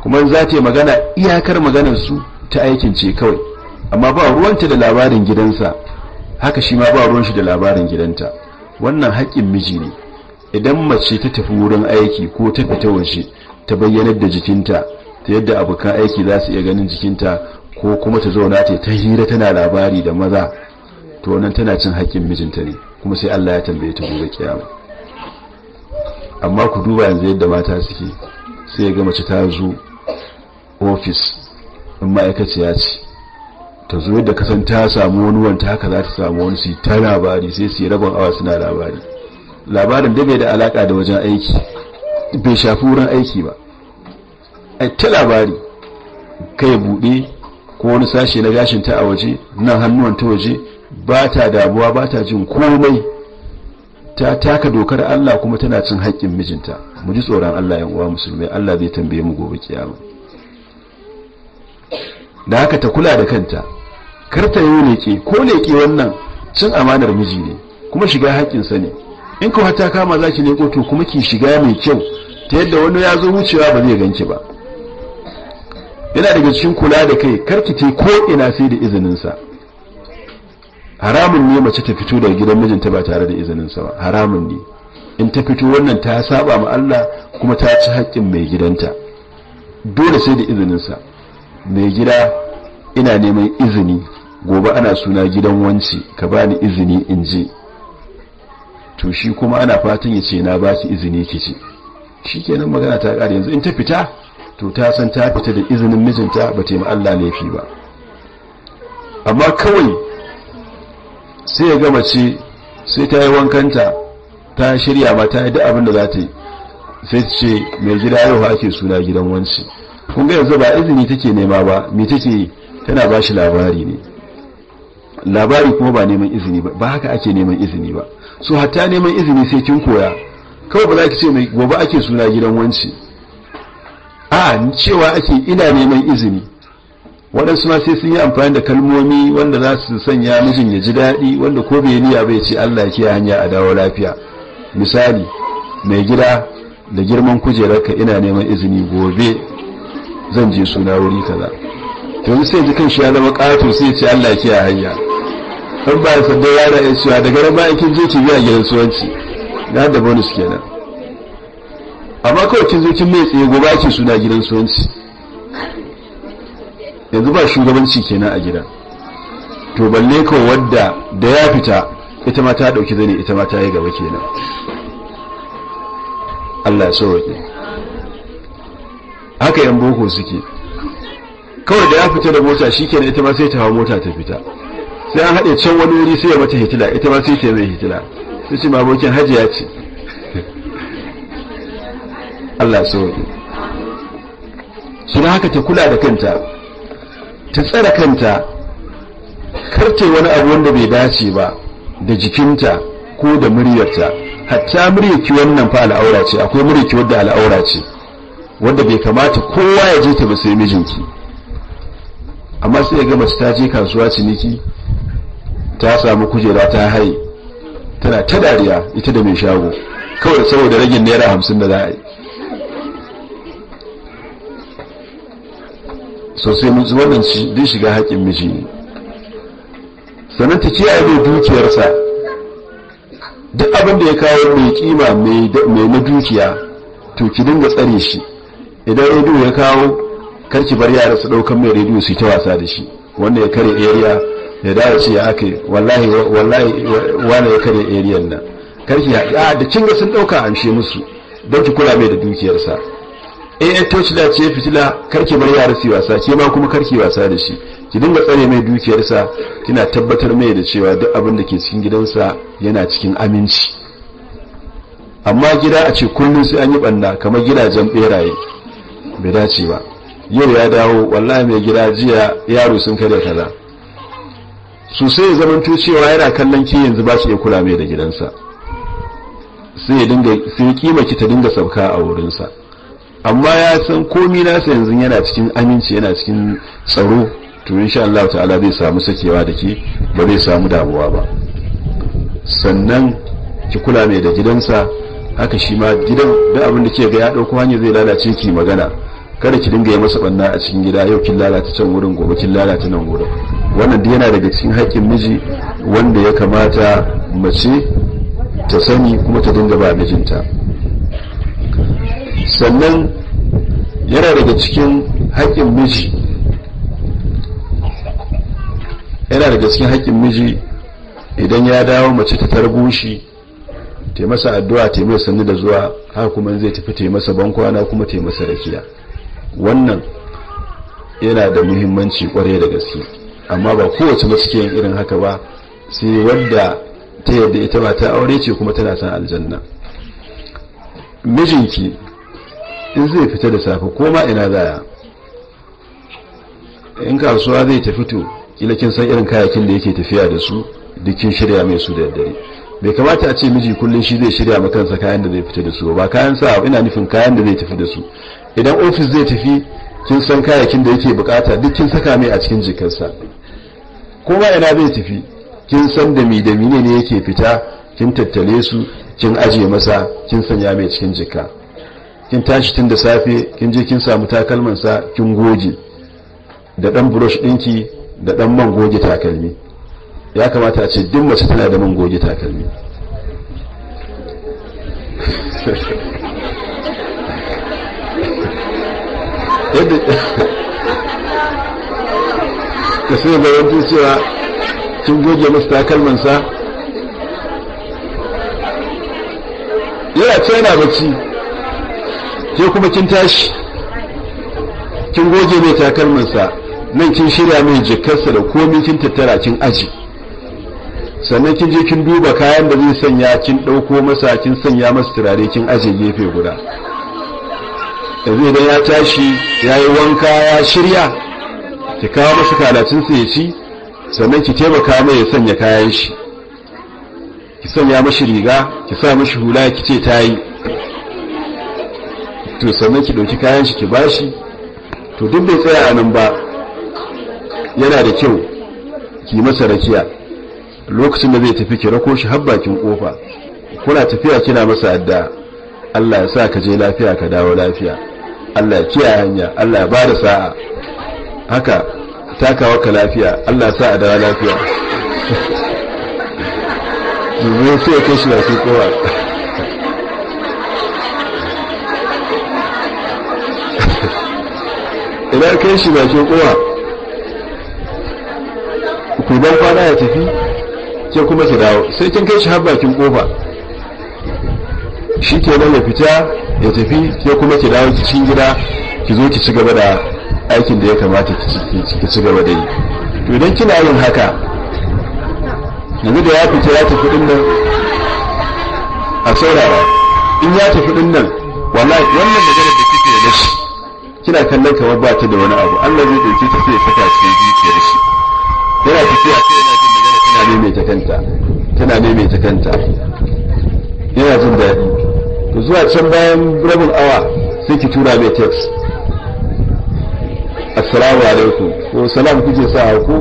kuma in za ta yi magana iyakar maganar su ta aikin ce kawai amma ba ruwanta da labarin gidansa haka shi ma ba ruwan shi da labarin gidanta wannan haƙƙin miji ne idan mace ta tafi wurin aiki ko ta fita waje ta bayyanar da jikinta ta yadda abokan aiki za su iya ganin jikinta ko kuma ta zauna ta ta hira tana labari da maza to nan tana cin haƙƙin mijinta ne kuma sai Allah ya tambaye ta gobe kiyama amma ku duba yanzu yadda mata suke sai ga mace ta zo ofis in ma'aikaciya ce ta zo yadda kasan ta samu wani wanta haka za ta samu wani su ta labari sai su yi rabon awa suna labari labarin da bai da alaka da wajen aiki bai shafi wurin aiki ba a ta labari kai buɗe ko wani sashe na gashin ta a waje nan hannuwan ta waje ba ta damuwa ba ta jin komai ta taka dokar Allah kuma tana cin haƙƙin mijinta mu ji tsoron Allah yan uwa musulmai Allah zai tambaye mu gobe kiyama da haka ta kula da kanta karta yau leƙe ko leƙe wannan cin amanar miji ne kuma shiga haƙƙinsa ne in kuma ta kama za ki leƙo to kuma ki shiga mai kyau ta yadda wani ya zo wucewa ba zai ganki ba yana daga cikin kula da kai karki te ko ina sai da izininsa haramun ne mace ta fito daga gidan mijinta ba tare da izininsa ba haramun ne in ta fito wannan ta saba ma Allah kuma ta ci haƙƙin mai gidanta dole sai da izininsa mai gida ina neman izini gobe ana suna gidan wanci ka bani izini in ji to shi kuma ana fatan ya ce na ba ki izini ki ce shi kenan magana ta ƙari yanzu in ta fita to ta san ta fita da izinin mijinta ba ta yi Allah laifi ba amma kawai sai ya gama ce sai ta yi wankanta ta shirya ma ta yi duk abin da za ta yi sai ce mai gida yau ake suna gidan wanci kun ga yanzu ba izini take nema ba me take tana ba shi labari ne labari kuma ba neman izini ba ba haka ake neman izini ba so hatta neman izini sai kin koya kawai ba za ki ce mai gobe ake suna gidan wanci a cewa ake ina neman izini waɗansu ma sai sun yi amfani da kalmomi wanda za su sanya mijin ya ji daɗi wanda ko bai niyya bai ce Allah ya hanya a dawo lafiya misali mai gida da girman kujerarka ina neman izini gobe zan je suna wuri kaza to sai ji kan shi ya zama ƙato sai ce Allah ya hanya an ba ya sanda yana ya cewa daga nan ma'aikin je ki biya gidan suwanci na da bonus kenan amma kawai kin zo kin mai tsaye gobe ake suna gidan suwanci yanzu ba shugabanci kenan a gida to balle ko wadda da ya fita ita ma ta ɗauki zane ita ma ta yi gaba kenan Allah ya sauke haka yan boko suke kawai da ya fita da mota shi kenan ita ma sai ta hawo mota ta fita sai an haɗe can wani wuri sai ya mace hitila ita ma sai ce mai hitila sai ce mamokin hajiya ce Allah ne suna haka ta kula da kanta ta tsara kanta karte wani abu wanda bai dace ba da jikinta ko da muryarta hatta muryarki wannan fa al'aura ce akwai muryarki wadda al'aura ce wanda bai kamata kowa ya je ta ba sai mijinki amma sai ya ga mace ta je kasuwa ciniki ta samu kujera ta hai tana ta dariya ita da mai shago kawai saboda ragin naira hamsin da za a yi sosai mutu wannan din shiga haƙin miji ne sannan ta kiyaye mai dukiyarsa duk abin da ya kawo mai kima mai na dukiya to ki dinga tsare shi idan rediyo ya kawo karki bar yara su ɗaukan mai rediyo su yi ta wasa da shi wanda ya kare area ya dawo ce ya aka wallahi wallahi wani ya kare ariyan nan karki a da cinga sun dauka amshe musu don ki kula mai da dukiyarsa eh eh tocila ce fitila karki bar yara su wasa ke ma kuma karki wasa da shi ki dinga tsare mai dukiyar sa kina tabbatar mai da cewa duk abin da ke cikin gidansa yana cikin aminci amma gida a ce kullum sai an yi banna kamar gidajen beraye bai dace ba yau ya dawo wallahi mai gida jiya yaro sun kare kaza su sai ya zamanto cewa yana kallon ki yanzu ba shi ya kula mai da gidansa sai ya dinga sai ya kima ki ta dinga sauka a wurinsa amma ya san komi nasa yanzu yana cikin aminci yana cikin tsaro to insha Allah ta'ala zai samu sakewa da ki ba zai samu damuwa ba sannan ki kula mai da gidansa haka shi ma gidan da abin da ke ga ya dauko hanya zai lalace ki magana kada ki dinga yi masa banna a cikin gida yau kin lalata can wurin gobe kin lalata nan wurin wannan yana daga cikin haƙƙin miji wanda ya kamata mace ta sani kuma ta dinga ba mijinta sannan yana daga cikin haƙƙin miji yana daga cikin haƙƙin miji idan ya dawo mace ta targu shi taimasa masa addu'a ta sannu da zuwa haka kuma zai tafi ta masa bankwana kuma ta masa rakiya wannan yana da muhimmanci kware da gaske amma ba kowace mace ke irin haka ba sai wanda ta yadda ita ba ta aure ce kuma tana san aljanna mijinki in zai fita da safe ko ma ina zaya in kasuwa zai ta fito ila kin san irin kayakin da yake tafiya da su dukkin shirya mai su da daddare bai kamata a ce miji kullum shi zai shirya ma kansa kayan da zai fita da su ba kayan sa ina nufin kayan da zai tafi da su idan ofis zai tafi kin san kayakin da yake bukata duk kin saka mai a cikin jikinsa kuma ina zai tafi kin san da mi da mine ne yake fita kin tattale su kin aje masa kin sanya mai cikin jika kin tashi tun da safe kin je kin samu takalman sa kin goge da dan brush dinki da dan man goge takalmi ya kamata a ce duk mace tana da man goge takalmi yadda ka sai ga yanzu cewa kin goge sa, takalmansa yana ce na bacci ke kuma kin tashi kin goge mai takalmansa nan kin shirya mai jikarsa da komi kin tattara kin aji sannan kin je kin duba kayan da zai sanya kin ɗauko masa kin sanya masu turare kin aje gefe guda yanzu idan ya tashi ya yi wanka ya shirya ki kawo masa su ya ci sannan ki taimaka mai ya sanya kayan shi ki sanya mashi riga ki sa mashi hula ki ce ta yi to sannan ki ɗauki kayan shi ki ba shi to duk bai tsaya a nan ba yana da kyau ki masa rakiya lokacin da zai tafi ki rako shi har bakin kofa kuna tafiya kina masa addu'a Allah ya sa ka je lafiya ka dawo lafiya Allah ya kiyaye hanya Allah ya ba da sa'a haka takawa ka lafiya Allah ya sa a dawo lafiya domin sai ya shi lafi kowa idan kai shi bakin kowa ku dan kwana ya tafi sai kuma ki dawo sai kin kai shi har bakin kofa shi ke nan ya fita ya tafi ke kuma ki dawo cikin gida ki zo ki ci gaba da aikin da ya kamata ki ci gaba da yi to idan kina yin haka yanzu da ya fita ya tafi din nan a saurara in ya tafi din nan wallahi wannan maganar da kike da shi kina kallon kamar ba ta da wani abu Allah zai dauke ta sai ya saka cikin zuciyar shi yana tafiya sai yana jin magana tana maimaita kanta tana kanta yana jin daɗi to zuwa can bayan rabin awa sai ki tura mai text assalamu alaikum ko salam kuke sa ku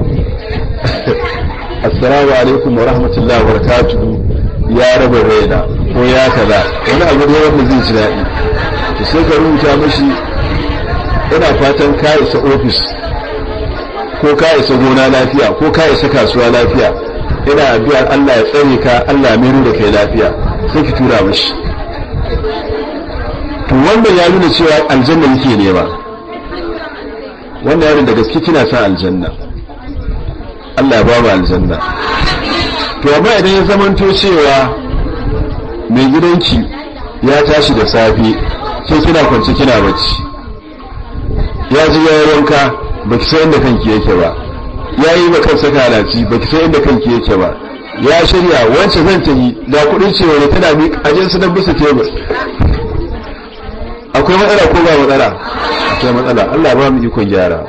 assalamu alaikum wa rahmatullahi wa barakatuhu ya raba raina ko ya kaza wani abu da wanda zai ji daɗi to sai ka rubuta mashi ina fatan ka isa ofis ko ka isa gona lafiya ko ka isa kasuwa lafiya ina addu'ar Allah ya tsare ka Allah ya mayar da kai lafiya sai ki tura mashi to wanda ya nuna cewa aljanna yake ne ba ya da gaske kina san aljanna Allah ya ba mu aljanna to amma idan ya zamanto cewa mai gidanki ya tashi da safe sai kina kwance kina bacci ya ji ya wanka baki san inda kanki yake ba yayi maka sakalaci baki san inda kanki yake ba ya shirya wacce zan ta yi da kudin cewa ne tana bi a jinsu don bisa tebur akwai matsala ko ba matsala akwai matsala Allah ba mu ikon gyara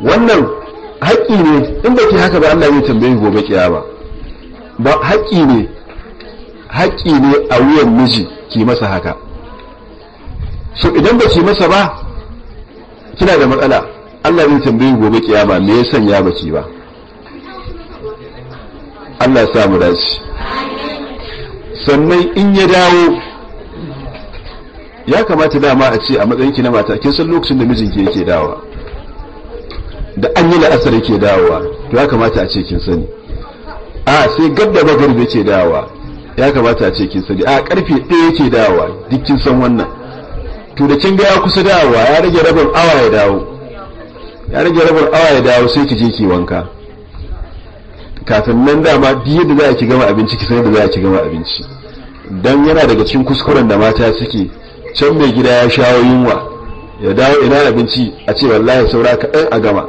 wannan haƙƙi ne in ba ke haka ba Allah yin tambayi gobe kiyama ba haƙƙi ne haƙƙi ne a wuyan miji ki masa haka so idan ba ki masa ba kina da matsala Allah yin tambayi gobe kiyama me ya sanya ki ba Allah sa mu dace sannan in ya dawo ya kamata dama a ce a matsayin ki na mata kin san lokacin da mijinki yake dawowa da an yi la'asar yake dawowa to ya kamata a ce kin sani a sai gadda da bagar yake dawowa ya kamata a ce kin sani a karfe ɗaya yake dawowa duk kin san wannan to da kin ga ya kusa dawowa ya rage rabin awa ya dawo ya rage rabin awa ya dawo sai ki je ki wanka kafin nan dama biye da za a ki gama abinci ki sanar da za a ki gama abinci dan yana daga cikin kuskuren da mata suke can mai gida ya shawo yunwa ya dawo ina abinci a ce wallahi saura kaɗan a gama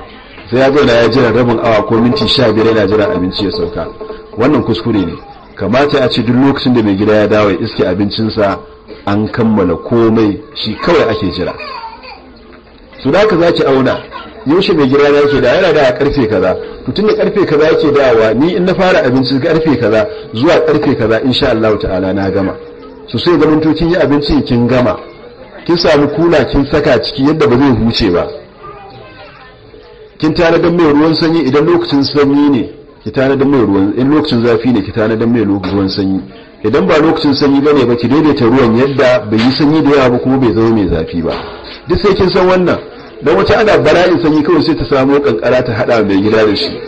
sai ya zauna ya jira rabin awa ko minti sha biyar yana jira abinci ya sauka wannan kuskure ne kamata a ce duk lokacin da mai gida ya dawo ya iske abincinsa an kammala komai shi kawai ake jira su da ka za ki auna yaushe mai gida yake da yana da karfe kaza to tun da karfe kaza yake dawa ni in na fara abinci karfe kaza zuwa karfe kaza insha Allah ta'ala na gama so sai ga mintocin yi abinci kin gama kin samu kula kin saka ciki yadda ba zai huce ba kin tana dan mai ruwan sanyi idan lokacin sanyi ne ki tana dan mai ruwan in lokacin zafi ne ki tana dan mai ruwan sanyi idan ba lokacin sanyi bane ba ki daidaita ruwan yadda bai yi sanyi da yawa ba kuma bai zama mai zafi ba duk sai kin san wannan don wace ana bala'in sanyi kawai sai ta samu kankara ta hada mai gida da shi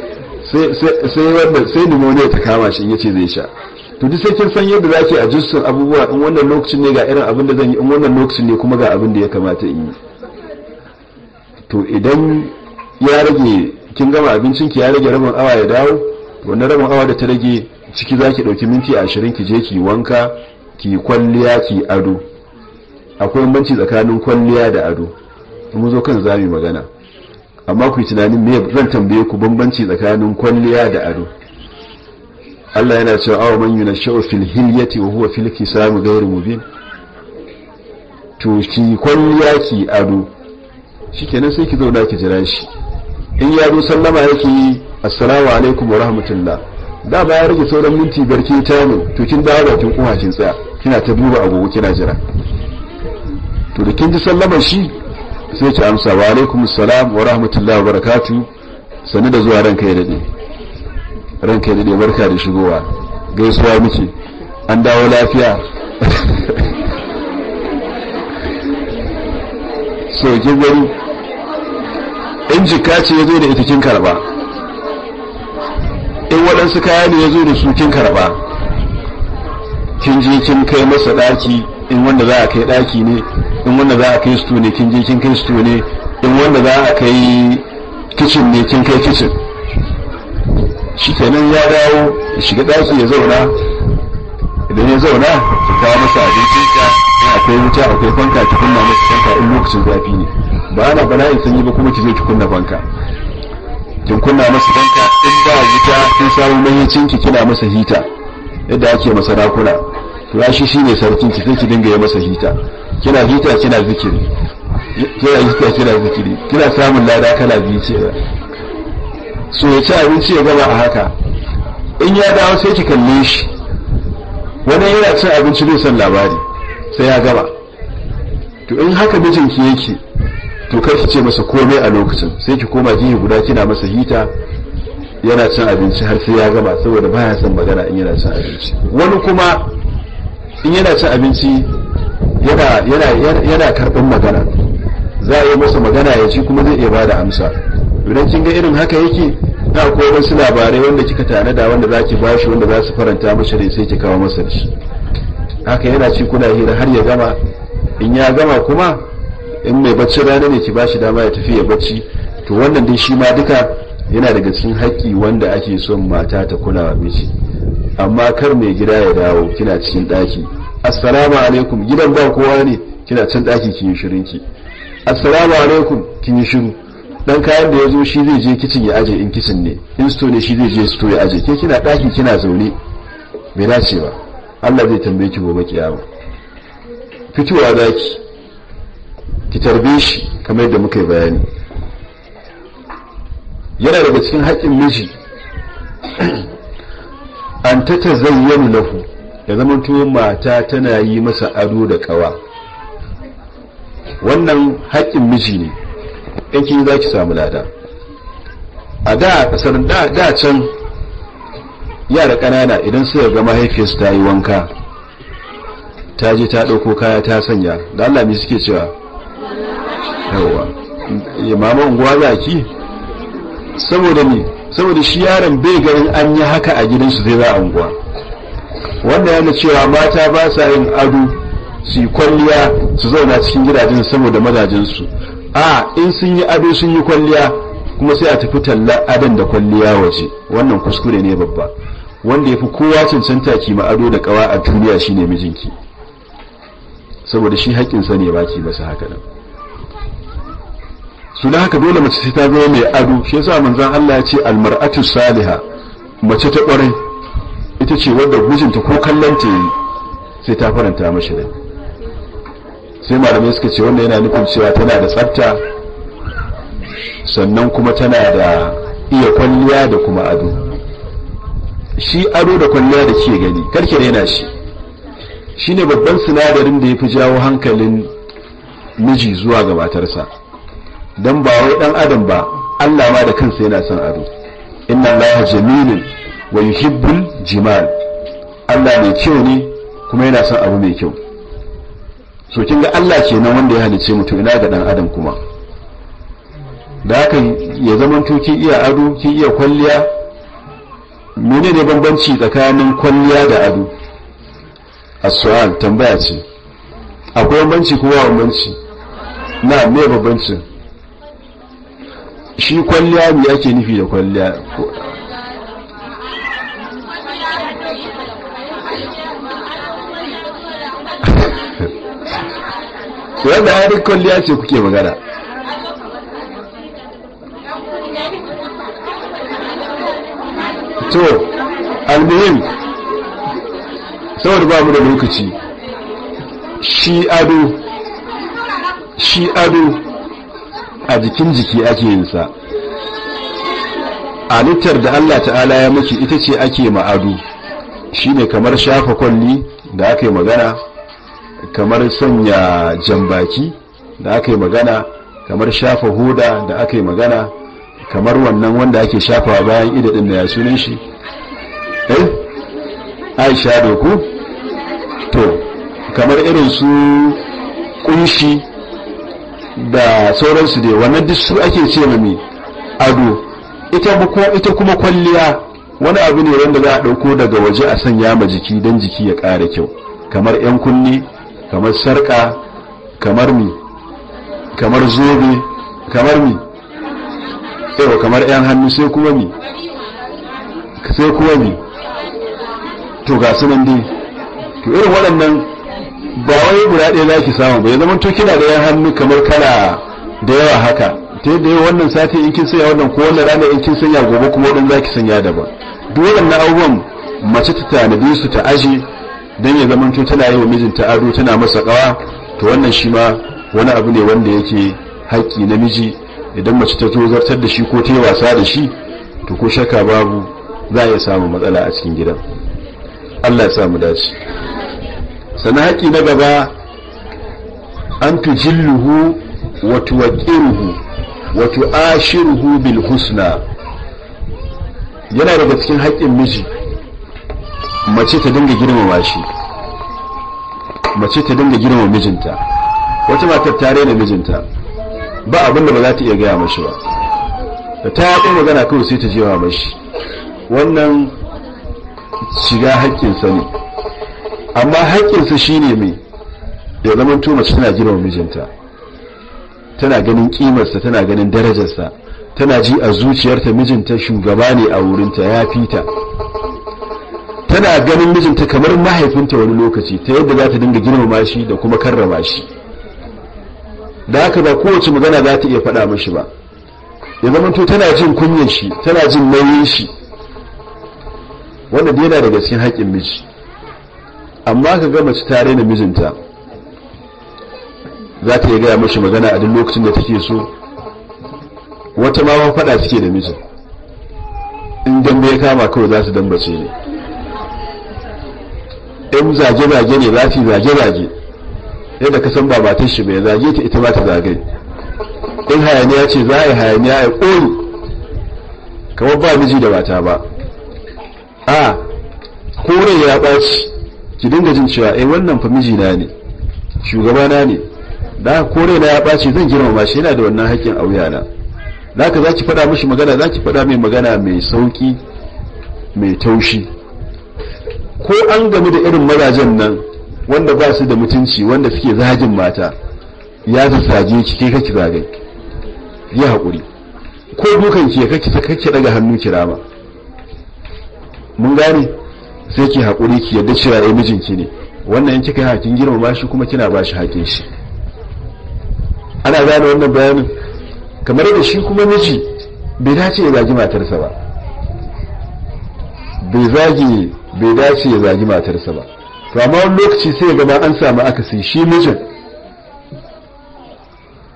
sai wannan sai ta kama shi yace zai sha to duk sai kin san yadda zaki a jussun abubuwa in wannan lokacin ne ga irin abin da zan yi in wannan lokacin ne kuma ga abin da ya kamata in yi to idan ya rage kin gama abincin ki ya rage rabin awa ya dawo wannan rabin awa da ta rage ciki zaki dauki minti 20 ki je ki wanka ki kwalliya ki ado akwai banci tsakanin kwalliya da ado mun zo kan zami magana amma ku yi tunanin me zan tambaye ku bambanci tsakanin kwalliya da ado Allah yana cewa awa man yunashu fil hilyati wa huwa fil kisam ghayr mubin to shi kwalliya ki ado shikenan sai ki zauna ki jira shi in ya zo sallama yake assalamu alaikum wa rahmatullah da ba ya rage sauran minti barke ta mu to kin da ba kin kuma kin tsaya kina ta duba agogo kina jira to da kin ji sallama shi sai ci amsa wa alaikum salam wa rahmatullahi wa barakatu sani da zuwa ranka ya dade ranka ya dade barka da shigowa gaisuwa muke an dawo lafiya so kin gani in jika ce ya zo da ita kin karba in waɗansu kaya ne ya zo da su kin karba kin je kin kai masa ɗaki in wanda za a kai daki ne in wanda za a kai sto ne kin je kin kai sto ne in wanda za a kai kicin ne kin kai kitchen shikenan ya dawo ya shiga daki ya zauna idan ya zauna ka kawo masa abincin ka akwai wuta akwai fanka ki kunna masa fanka in lokacin zafi ne ba ana in sanyi ba kuma ki zo ki kunna fanka kin kunna masa fanka in ba wuta kin samu mahicin ki kina masa hita yadda ake masa dakuna ya shi shine sarki ki sai ki dinga yi masa hita kina hita kina zikiri kina hita kina zikiri kina samun lada kala biyu ce so ya ci abinci ya gama a haka in ya dawo sai ki kalle shi wani yana cin abinci zai son labari sai ya gama to in haka mijinki yake to kar ki ce masa komai a lokacin sai ki koma jihi guda kina masa hita yana cin abinci har sai ya gama saboda baya son magana in yana cin abinci wani kuma in yana cin abinci yana karɓin magana za a yi masa magana ya ci kuma zai iya ba da amsa idan kin ga irin haka yake na akwai wasu labarai wanda kika da wanda za ki bashi wanda za su faranta masa rai sai ki kawo masa da shi haka yana ci kuna hira har ya gama in ya gama kuma in mai bacci rana ne ki bashi dama ya tafi ya bacci to wannan dai shi ma duka yana daga cikin haƙƙi wanda ake son mata ta kula wa miji amma kar mai gida ya dawo kina cikin daki assalamu alaikum gidan ba kowa ne kina cikin daki kin yi shirin ki assalamu alaikum kin yi shiru dan kayan da yazo shi zai je kitchen ya aje in kitchen ne in sto ne shi zai je sto ya aje ke kina daki kina zaune bai dace ba Allah zai tambaye ki gobe kiyama fitowa zaki ki tarbe shi kamar yadda muka yi bayani yana daga cikin haƙƙin miji an ta ta zayyanu lahu ya zama mata tana yi masa ado da kawa wannan haƙƙin miji ne yankin za ki samu lada a da ƙasar da can yara ƙanana idan suka ga mahaifiyarsu ta yi wanka ta je ta ɗauko kaya ta sanya da Allah suke cewa yawa ya mama za ki saboda ne saboda shi yaron bai ganin an yi haka a gidansu zai za a unguwa wanda yana cewa mata ba sa yin ado su yi kwalliya su zauna cikin gidajen saboda mazajen su a in sun yi ado sun yi kwalliya kuma sai a tafi talla adan da kwalliya waje wannan kuskure ne babba wanda ya fi kowa cancanta ki ado da kawa a duniya shine mijinki saboda shi haƙƙinsa ne baki masa haka nan su da haka dole mace sai ta zama mai ado shi yasa manzon Allah ya ce almar'atu saliha mace ta kwarai ita ce wadda gujinta ko kallon ta yi sai ta faranta mashi rai sai malamai suka ce wanda yana nufin cewa tana da tsafta sannan kuma tana da iya kwalliya da kuma ado shi ado da kwalliya da ke gani karke yana shi shine babban sinadarin da ya fi jawo hankalin miji zuwa ga matarsa dan ba wai dan adam ba Allah ma da kansa yana son ado inna allaha jamilun wa yuhibbul jimal Allah mai kyau ne kuma yana son abu mai kyau so kin ga Allah kenan wanda ya halice mutum ina ga dan adam kuma da haka ya zama to iya ado ki iya kwalliya menene bambanci tsakanin kwalliya da ado as-su'al tambaya ce akwai bambanci kuma bambanci na me bambancin shi kwalliya ne yake nufi da kwalliya ya duk kwalliya ce kuke magana to albihim saboda ba mu da lokaci shi ado shi ado a jikin jiki ake yin sa halittar da Allah ta'ala ya miki ita ce ake ma'adu shine kamar shafa kwalli da aka yi magana kamar sanya jambaki da aka yi magana kamar shafa hoda da aka yi magana kamar wannan wanda ake shafawa bayan idadin da ya sunan shi eh aisha ku to kamar irin su kunshi da sauransu dai wannan duk su ake ce mami ado ita kuma kwalliya wani abu ne wanda za a ɗauko daga waje a sanya ma jiki don jiki ya ƙara kyau kamar 'yan kunni kamar sarƙa kamar mi kamar zobe kamar mi yawa kamar 'yan hannu sai kuma mi sai kuma mi to ga sunan dai to irin waɗannan ba wai guda ɗaya za ki samu ba ya zama to kina da yan hannu kamar kala da yawa haka ta yadda yau wannan sati in kin sanya wannan ko wannan rana in kin sanya gobe kuma wannan za ki sanya daban duk na abubuwan mace ta tanadi su ta aji don ya zama to tana yi wa mijinta ado tana masa ƙawa to wannan shi ma wani abu ne wanda yake haƙƙi namiji idan mace ta zo zartar da shi ko ta yi wasa da shi to ko shaka babu za a iya samun matsala a cikin gidan Allah ya samu dace sana haƙi na gaba an tujilluhu wato waƙiruhu wato ashiruhu bil husna yana daga cikin haƙƙin miji mace ta dinga girmama shi mace ta dinga girmama mijinta wata matar tare da mijinta ba abin ba za ta iya gaya mashi ba da ta yaƙo magana kawai sai ta jewa mashi wannan shiga haƙƙin sani amma haƙƙinsa shine mai ya zama mace tana girma mijinta tana ganin ƙimarsa tana ganin darajarsa tana ji a zuciyarta mijinta shugaba ne a wurinta ya fita tana ganin mijinta kamar mahaifinta wani lokaci ta yadda za ta dinga girmama shi da kuma karrama shi da haka ba kowace magana za ta iya faɗa mashi ba ya zama to tana jin kunyar shi tana jin nauyin shi wanda yana daga cikin haƙƙin miji amma ka ga mace tare da mijinta za ta yi gaya mashi magana a duk lokacin da take so wata ma ba faɗa suke da mijin in dambe ya kama kawai za su dambace ne in zage-zage ne za su zage-zage yadda ka san ba matan shi mai zage ta ita ba ta zage in hayaniya ce za a yi hayaniya ya ƙori kamar ba miji da mata ba a kore ya ɓaci ki dinga jin cewa eh wannan fa mijina ne shugabana ne da rai na ya bace zan girmama shi yana da wannan haƙƙin a na da haka za ki faɗa mishi magana za ki mai magana mai sauƙi mai taushi ko an gami da irin mazajen nan wanda ba su da mutunci wanda suke zagin mata ya saje ki kai kake zagai yi haƙuri ko dukan ki kake kake daga hannu kirama mun gane sai ki haƙuri ki yadda cewa ya eh, mijinki ne wannan yanki kai hakin girma girmama shi kuma kina ba shi hakin shi ana gane wannan bayanin kamar da shi kuma miji bai dace ya zagi matarsa ba bai zagi bai dace ya zagi matarsa ba to amma wani lokaci sai ga ma an samu akasi shi mijin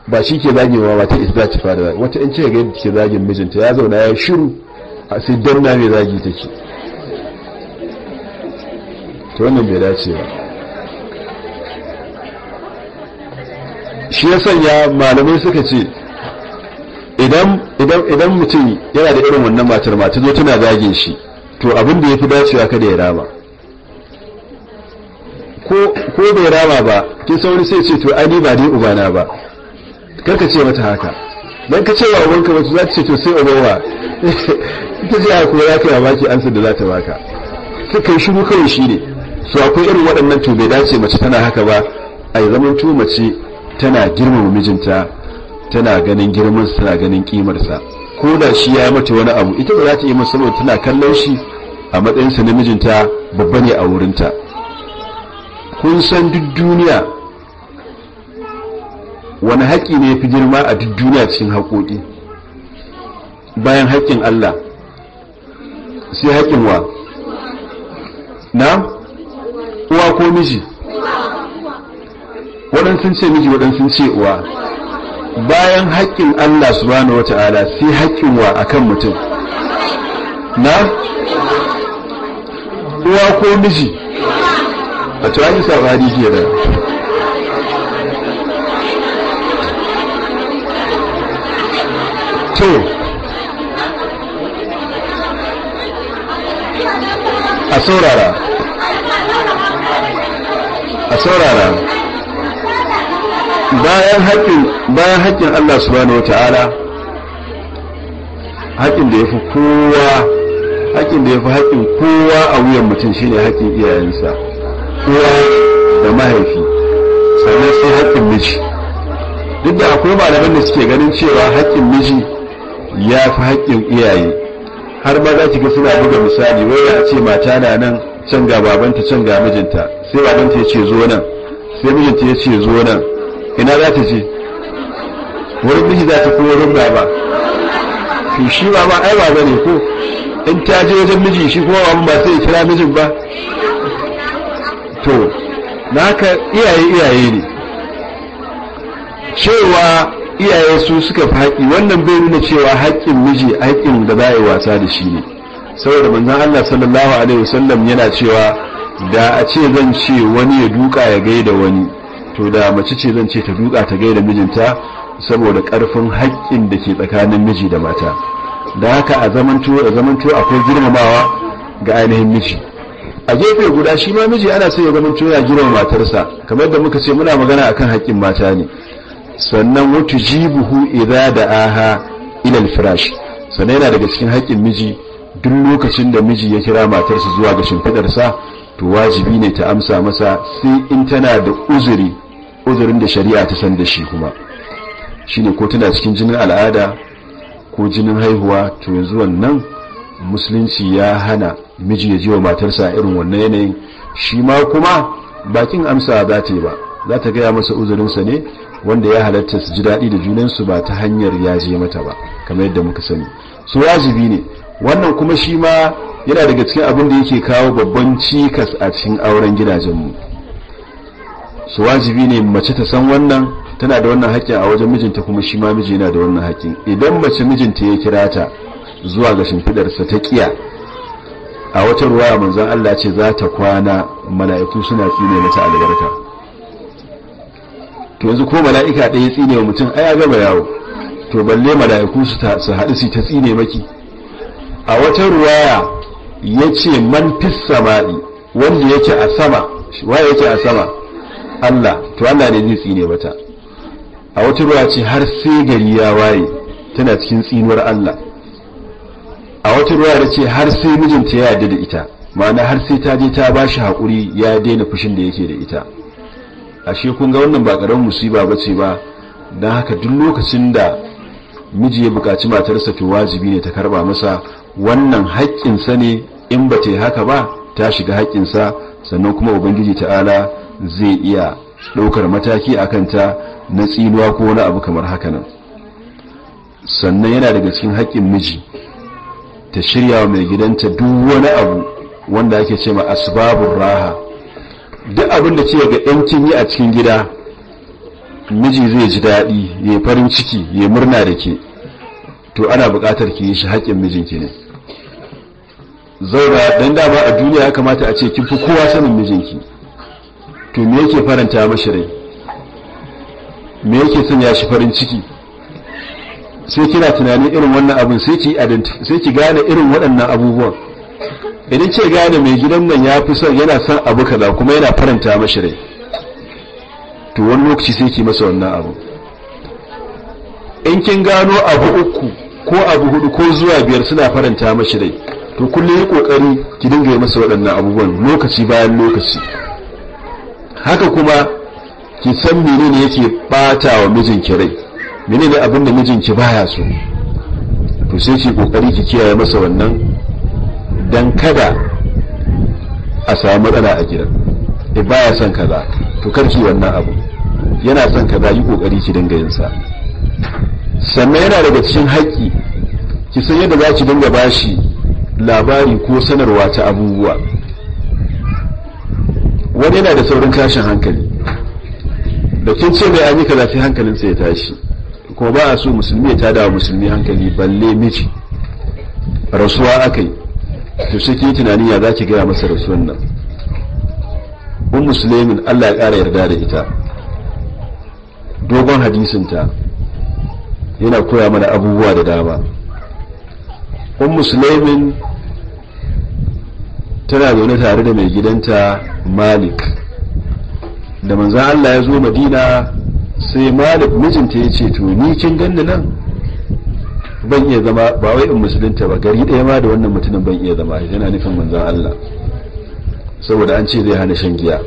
ba shi ke zagewa wata ita za ta fara wata in ce ga yadda ke zagin mijinta ya zauna ya shiru a sai danna mai zagi take to wannan bai dace ba shi ya sanya malamai suka ce idan mutum yana da irin wannan matar mata zo tana zagin shi to abin da ya fi dacewa kada ya rama ko bai rama ba ke sauri sai ce to ani ba ni ubana ba karka ce mata haka don ka ce wa ubanka ba za ta ce to sai ubanwa ita ce a kuma ya ka yi baki ansa da za ta baka kai shiru kawai shi ne su akwai irin waɗannan to dace mace tana haka ba a zaman tu mace tana girmama mijinta tana ganin girman tana ganin kimarsa ko da shi ya mata wani abu ita ba za ta yi masa saboda tana kallon shi a matsayinsa na mijinta babba ne a wurinta kun san duk duniya wani haƙƙi ne ya fi girma a duk duniya cikin haƙoƙi bayan haƙƙin Allah sai haƙƙin wa na uwa ko miji waɗansu ce miji waɗansu ce uwa bayan haƙƙin Allah subhanahu ta'ala sai haƙƙin wa a kan mutum na uwa ko miji a tuwani sabari ke da to a saurara a saurara bayan haƙƙin bayan haƙƙin Allah subhanahu wata'ala haƙƙin da yafi kowa haƙƙin da yafi haƙƙin kowa a wuyan mutum shine haƙƙin iyayensa kowa da mahaifi sannan sai haƙƙin miji duk da akwai malaman da suke ganin cewa haƙƙin miji ya fi haƙƙin iyaye har ma za ki ga suna buga misali wai a ce mata na nan can ga babanta can ga mijinta sai babanta ya ce zo nan sai mijinta ya ce zo nan ina za ta je wurin miji za ta kuma wurin baba to shi baba ai baba ne ko in ta je wajen miji shi kuma babu ba sai ya kira mijin ba to na haka iyaye iyaye ne cewa iyaye su suka faɗi wannan bai nuna cewa haƙƙin miji haƙƙin da za a yi wasa da shi ne saboda manzon Allah sallallahu alaihi wasallam yana cewa da a ce zan ce wani ya duka ya gaida wani to da mace ce zan ce ta duka ta gaida mijinta saboda karfin haƙƙin da ke tsakanin miji da mata da haka a zamanto a zamanto akwai girmamawa ga ainihin miji a gefe guda shi ma miji ana so ya zamanto ya girmama matarsa kamar da muka ce muna magana akan haƙƙin mata ne sannan wata jibuhu idza da'aha ila al-firash sannan yana daga cikin haƙƙin miji duk lokacin da miji ya kira matarsa zuwa ga shimfidarsa to wajibi ne ta amsa masa sai in tana da uzuri uzurin da shari'a ta san da shi kuma shine ko tana cikin jinin al'ada ko jinin haihuwa to yanzu wannan musulunci ya hana miji ya ji wa matarsa irin wannan yanayin shi ma kuma bakin amsa za ta yi ba za ta gaya masa uzurinsa ne wanda ya halatta su ji daɗi da junansu ba ta hanyar ya je mata ba kamar yadda muka sani su wajibi ne wannan kuma shi ma yana daga cikin abin da yake kawo babban cikas a cikin auren gidajenmu su wajibi ne mace ta san wannan tana da wannan haƙƙin a wajen mijinta kuma shi ma miji yana da wannan haƙƙin idan mace mijinta ya kira ta zuwa ga shimfidarsa ta ƙiya a wata ruwaya manzon Allah ce za ta kwana mala'iku suna tsine mata albarka to yanzu ko mala'ika ɗaya tsine wa mutum ai ya gama yawo to balle mala'iku su haɗu su ta tsine maki a wata ruwaya ya ce man fis sama'i wanda yake a sama waya yake a sama Allah to Allah ne zai tsine mata a wata ruwaya ce har sai gari ya waye tana cikin tsinuwar Allah a wata ruwa da ce har sai mijinta ya yadda da ita ma'ana har sai ta je ta ba shi haƙuri ya daina fushin da yake da ita ashe kun ga wannan ba ƙaramin musiba ba ce ba don haka duk lokacin da miji ya buƙaci matarsa to wajibi ne ta karɓa masa wannan haƙƙinsa ne in ba ta yi haka ba ta shiga haƙƙinsa sannan kuma ubangiji ta'ala zai iya ɗaukar mataki a kanta na tsinuwa ko wani abu kamar haka nan sannan yana daga cikin haƙƙin miji ta shirya wa mai gidanta duk wani abu wanda ake ce ma asbabun raha duk abin da ce ga ɗancin yi a cikin gida miji zai ji daɗi ya farin ciki ya murna da ke to ana buƙatar ki yi shi haƙƙin mijinki ne zauna dan dama a duniya ya kamata a ce kin fi kowa sanin mijinki to me yake faranta mashi rai me yake sanya shi farin ciki sai kina tunani irin wannan abin sai ki sai ki gane irin waɗannan abubuwan idan ce gane mai gidan nan ya fi son yana son abu kaza kuma yana faranta mashi rai to wani lokaci sai ki masa wannan abu in kin gano abu uku ko abu hudu ko zuwa biyar suna faranta mashi rai to kullum yi kokari ki dinga yi masa waɗannan abubuwan lokaci bayan lokaci haka kuma ki san menene yake bata wa mijinki rai menene abin da mijinki baya so to sai ki kokari ki kiyaye masa wannan dan kada a samu matsala a gidan e baya son kaza to karki wannan abu yana son kaza yi kokari ki dinga yin sa sannan yana daga cikin haƙƙi ki san yadda za ki dinga bashi labari ko sanarwa ta abubuwa wani yana da saurin tashin hankali da kin ce mai ayyuka zafi hankalinsa ya tashi ko ba a so musulmi ya tada wa musulmi hankali balle miji rasuwa aka yi to sai ki tunani ya za ki gaya masa rasuwan nan un musulmin allah ya kara yarda da ita dogon hadisinta yana koya mana abubuwa da dama un musulmin tana zaune tare da mai gidanta malik da manzan allah ya zo madina sai malik mijinta ya ce to ni kin ganda nan ban iya zama ba wai in musulunta ba gari ɗaya ma da wannan mutumin ban iya zama yana nufin manzan allah saboda an ce zai hana shan giya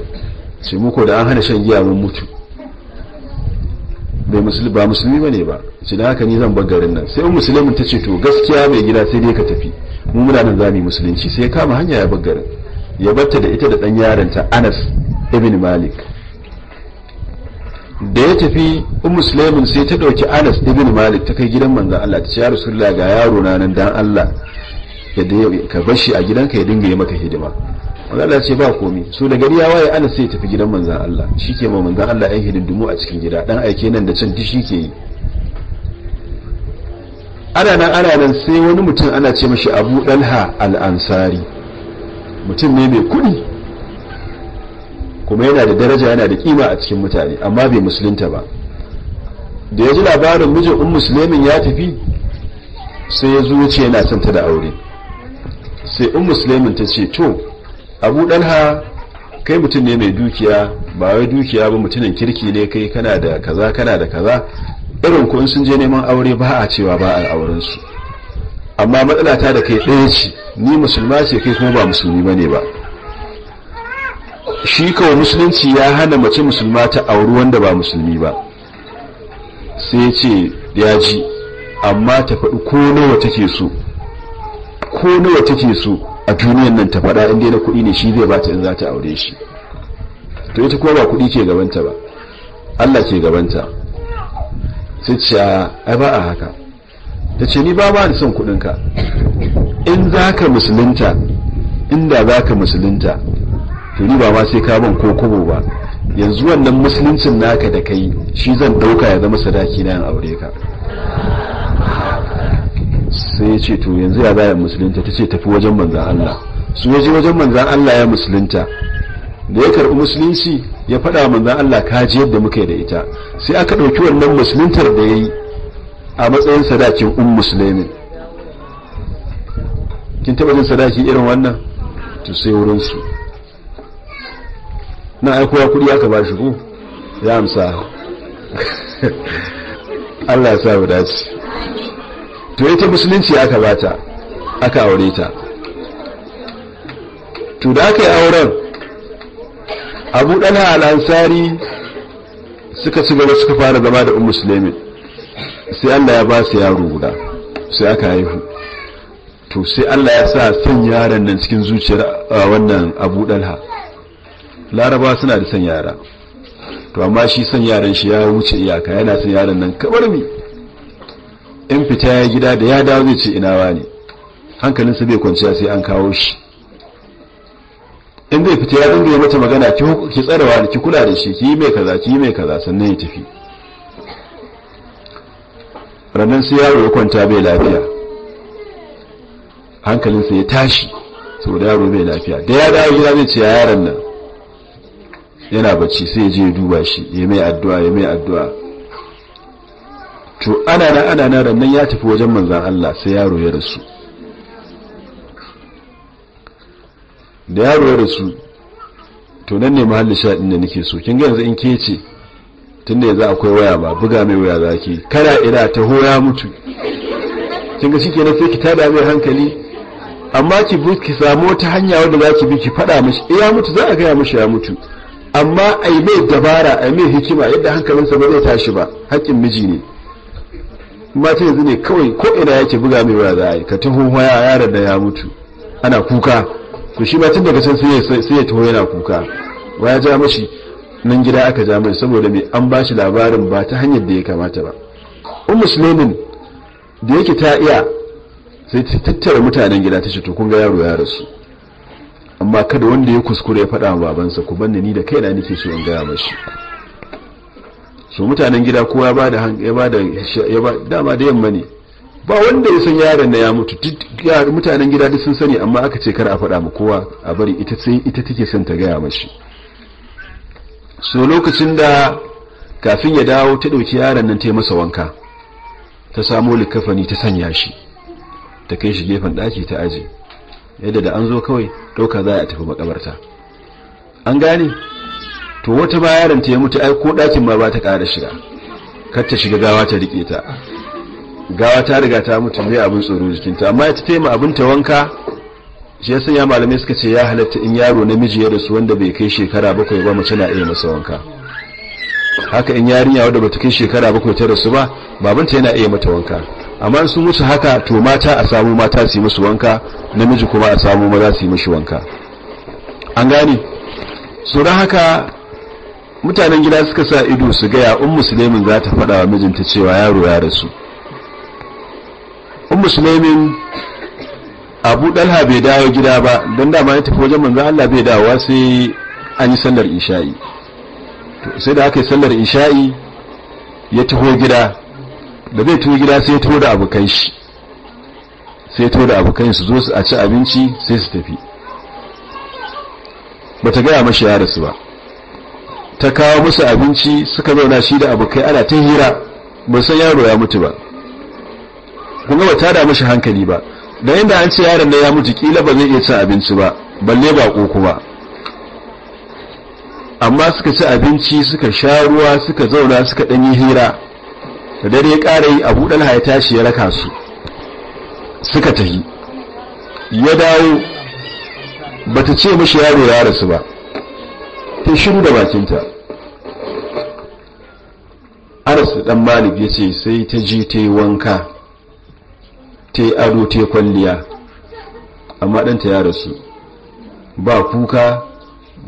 ce muku da an hana shan giya mun mutu bai musulmi ba musulmi bane ba shi da haka ni zan bar garin nan sai musulmin ta ce to gaskiya mai gida sai dai ka tafi mu muna nan zamu musulunci sai ya kama hanya ya bar garin ya barta da ita da dan ta Anas ibn Malik da ya tafi ummu sulaimin sai ta dauki Anas ibn Malik ta kai gidan manzon Allah ta ce ya rasulullah ga yaro na nan dan Allah ka bar shi a gidanka ya dinga yi maka hidima Allah ce ba komai so da gari ya waye ana sai tafi gidan manzan Allah shi ke ma manzan Allah ya hidindimu a cikin gida dan aike nan da can shi ke yi ana nan ana nan sai wani mutum ana ce mashi abu dalha ansari mutum ne mai kuɗi kuma yana da daraja yana da kima a cikin mutane amma bai musulunta ba da ya ji labarin mijin un musulmin ya tafi sai ya zo ce yana son ta da aure sai un musulmin ta ce to abu ɗalha kai mutum ne mai dukiya ba wai dukiya ba mutumin kirki ne kai kana da kaza kana da kaza irin kun sun je neman aure ba a cewa ba a auren amma matsala ta da kai ɗaya ce ni musulma ce kai kuma ba musulmi bane ba shi kawai musulunci ya hana mace musulma ta auri wanda ba musulmi ba sai ce ya ji amma ta faɗi ko nawa take so ko nawa take so a duniyan nan ta faɗa inda na kuɗi ne shi zai bata in za ta aure shi to ita kuma ba kuɗi ke gabanta ba Allah ke gabanta sai ce ai ba a haka ta ce ni ba ba ni son kuɗinka in za ka musulunta inda za ka musulunta to ni ba ma sai ka ban ko kobo ba yanzu wannan musuluncin naka da kai shi zan ɗauka ya zama sadaki na yin aure ka sai ya ce to yanzu ya za musulunta ta ce tafi wajen manzan Allah su waje wajen manzan Allah ya musulunta da ya karɓi musulunci ya faɗa manzan Allah kaji yadda muka yi da ita sai aka ɗauki wannan musuluntar da ya yi a matsayin sadakin un um musulmin kin taɓa jin sadaki irin wannan to sai wurinsu na aiko ya kuɗi aka ba shi ya amsa Allah ya sa mu dace to ita musulunci aka bata aka aure ta to da aka yi auren abu ɗana al'ansari suka suka fara zama da un musulmi sai allah ya ba su yaro guda sai aka haihu to sai allah ya sa son yaran nan cikin zuciyar wannan abu ɗalha laraba suna da son yara to amma shi son yaran shi ya wuce iyaka yana son yaran nan kamar mi in fita ya gida da ya dawo zai ce ina hankalin hankalinsa bai kwanciya sai an kawo shi in zai fita ya dinga mata magana ki tsarawa ki kula da shi ki yi mai kaza ki yi mai kaza sannan ya tafi Rannan sai yaro ya kwanta bai lafiya hankalinsa ya tashi saboda yaro bai lafiya da ya dawo gida zai ce yaron nan yana bacci sai ya je duba shi ya mai addu'a ya mai addu'a to ana na ana nan rannan ya tafi wajen manzan Allah sai yaro ya rasu da yaro ya rasu to nan ne mahallin shaɗin da nake so kin ga yanzu in ke ce tun da yanzu akwai waya ba buga mai waya za ki kana ina ta hoya mutu kin ga shike na sai ki tada mai hankali amma ki bi ki samu wata hanya wanda za ki bi ki faɗa mishi iya eh, mutu za a gaya mishi ya mutu amma ai mai dabara ai mai hikima yadda hankalinsa ba zai tashi ba haƙƙin miji ne mace yanzu ne kawai ko ina yake buga mai waya za a yi ka taho waya yaron da ya mutu ana kuka to shi ma daga can sai ya taho yana kuka wa ya ja mashi nan gida aka ja mai saboda mai an ba shi labarin ba ta hanyar da ya kamata ba un umm musulmin da yake ta iya sai ta tattara mutanen gida ta ce to kun ga yaro ya rasu amma kada wanda ya kuskure ya faɗa wa babansa ku banda ni da kai na nake so in gaya mashi so mutanen gida kowa ya bada dama da yamma ne ba wanda ya san yaron na ya mutu mutanen gida duk sun sani amma aka ce kar a faɗa mu kowa a bari ita sai ita take son ta gaya mashi so lokacin da kafin ya dawo ta ɗauki yaron nan ta masa wanka ta samo likafani ta sanya shi ta kai shi gefen ɗaki ta aji yadda da an zo kawai ɗauka za a tafi makabarta an gane to wata ba yaron ta ya mutu ai ko ɗakin ma ba ta ƙara shiga kar ta shiga gawa ta riƙe ta gawa ta riga ta mutu mai abin tsoro jikinta amma ita ta ma abin ta wanka shi ya sanya malamai suka ce ya halatta in yaro namiji ya rasu wanda bai kai shekara bakwai ba mace na iya masa wanka haka in yarinya wadda bata kai shekara bakwai ta rasu ba babanta yana iya mata wanka amma sun musu haka to mata a samu mata su yi musu wanka namiji kuma a samu maza su yi mishi wanka an gane so haka mutanen gida suka sa ido su gaya un musulmin za ta faɗa wa mijinta cewa yaro ya rasu un musulmin abu ɗalha bai dawo gida ba don dama ya tafi wajen manzan allah bai dawowa sai an yi sallar isha'i sai da aka yi sallar isha'i ya taho gida da zai taho gida sai ya taho da abokan shi sai ya taho da abokan su zo su a ci abinci sai su tafi bata gaya mashi ya rasu ba ta kawo musu abinci suka zauna shi da abokai ana ta hira ban san yaro ya mutu ba kun ga ta da mishi hankali ba da inda an ce yaron da ya mutu kila ba zai iya cin abinci ba balle ba ko kuma amma suka ci abinci suka sha ruwa suka zauna suka yi hira da dare ya ƙara yi abu ɗan ya tashi ya raka su suka tahi ya dawo bata ce mashi yaro ya rasu ba ta shiru da bakinta anas dan malik ya ce sai ta je ta yi wanka ta yi ado ta yi kwalliya amma ta ya rasu ba kuka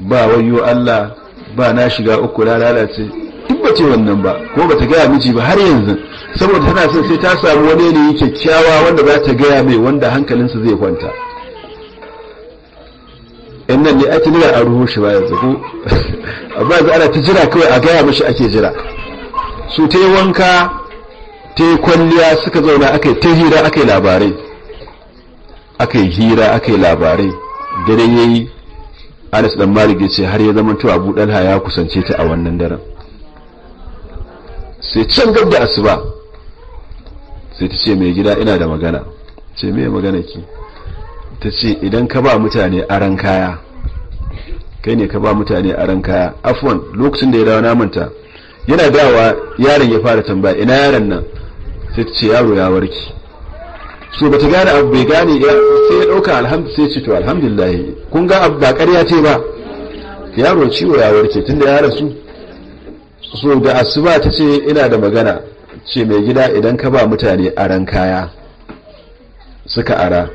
ba wayo allah ba na shiga uku lalace duk ba wannan ba ko ba ta gaya miji ba har yanzu saboda tana so sai ta samu wani ne kyakkyawa wanda za ta gaya mai wanda hankalinsa zai kwanta in nan ne ake nuna a ruhu shi ba yanzu ko ba yanzu ana ta jira kawai a gaya mashi ake jira su ta wanka ta kwalliya suka zauna aka yi ta hira aka yi labarai aka yi hira aka yi labarai dare ya yi anas dan malik ya ce har ya zama to abu dalha ya kusance ta a wannan daren sai can gab da asuba sai ta ce mai gida ina da magana ce mai magana ki ta ce idan ka ba mutane aran kaya kai ne ka ba mutane aran kaya afwan lokacin da ya dawo na manta yana dawa yaron ya fara tambaya ina yaron nan sai ce yaro ya warki so bata gane abu bai gane ya sai ya dauka alhamdu sai ce to alhamdulillah kun ga abu ba ƙarya ce ba yaro ciwo ya warke tunda ya rasu so da asuba ta ce ina da magana ce mai gida idan ka ba mutane aran kaya suka ara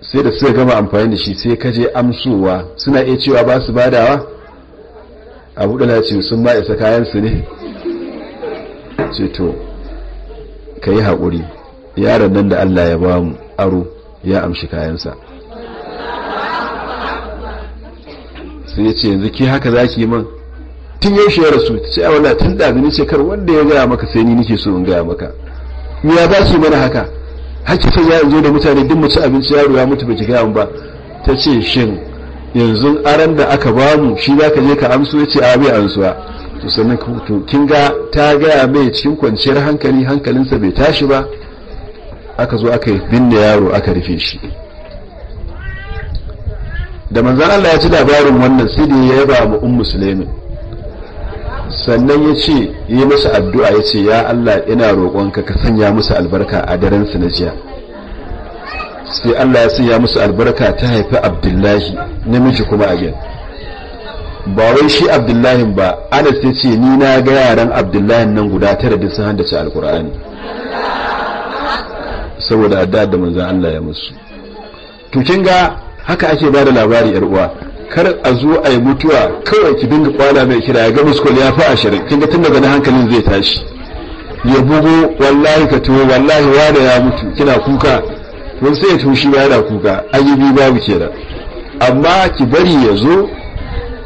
sai da suka gama amfani da shi sai ka je amsowa suna iya cewa ba su badawa abu da na ce sun ba isa su ne ce to ka yi haƙuri yaron nan da Allah ya ba mu aro ya amshi kayansa sai ya ce yanzu ke haka za ki yi man tun yaushe ya rasu ce a tun ɗazini ce kar wanda ya gaya maka sai ni nike so in gaya maka ya ba yi mana haka haki ta ya zo da mutane duk mu abinci yaro ya mutu baki gaya ba ta ce shin yanzu aran da aka ba mu shi za ka je ka amsu ya ce a bai amsuwa to sannan kin ga ta gaya mai cikin kwanciyar hankali hankalinsa bai tashi ba aka zo aka binne yaro aka rufe shi da manzan Allah ya ci labarin wannan sai da ya yaba ma ummu sulaimin sannan ya ce yi masa addu'a ya ce ya Allah ina roƙonka ka sanya musu albarka a daren su na jiya sai Allah ya sanya musu albarka ta haifi abdullahi namiji kuma a gina ba wai shi abdullahi ba anas ya ce ni na ga yaran abdullahi nan guda tara duk sun ce alkur'ani saboda adda da manzan Allah ya musu to kin ga haka ake ba da labari yar uwa kar a zo a yi mutuwa kawai ki dinga kwana mai kira ya ga muskul ya fi ashirin kin ga tun daga na hankalin zai tashi ya bugu wallahi ka tuwo wallahi wada ya mutu kina kuka wani sai ya tushi ba yana kuka ayyubi babu kenan amma ki bari ya zo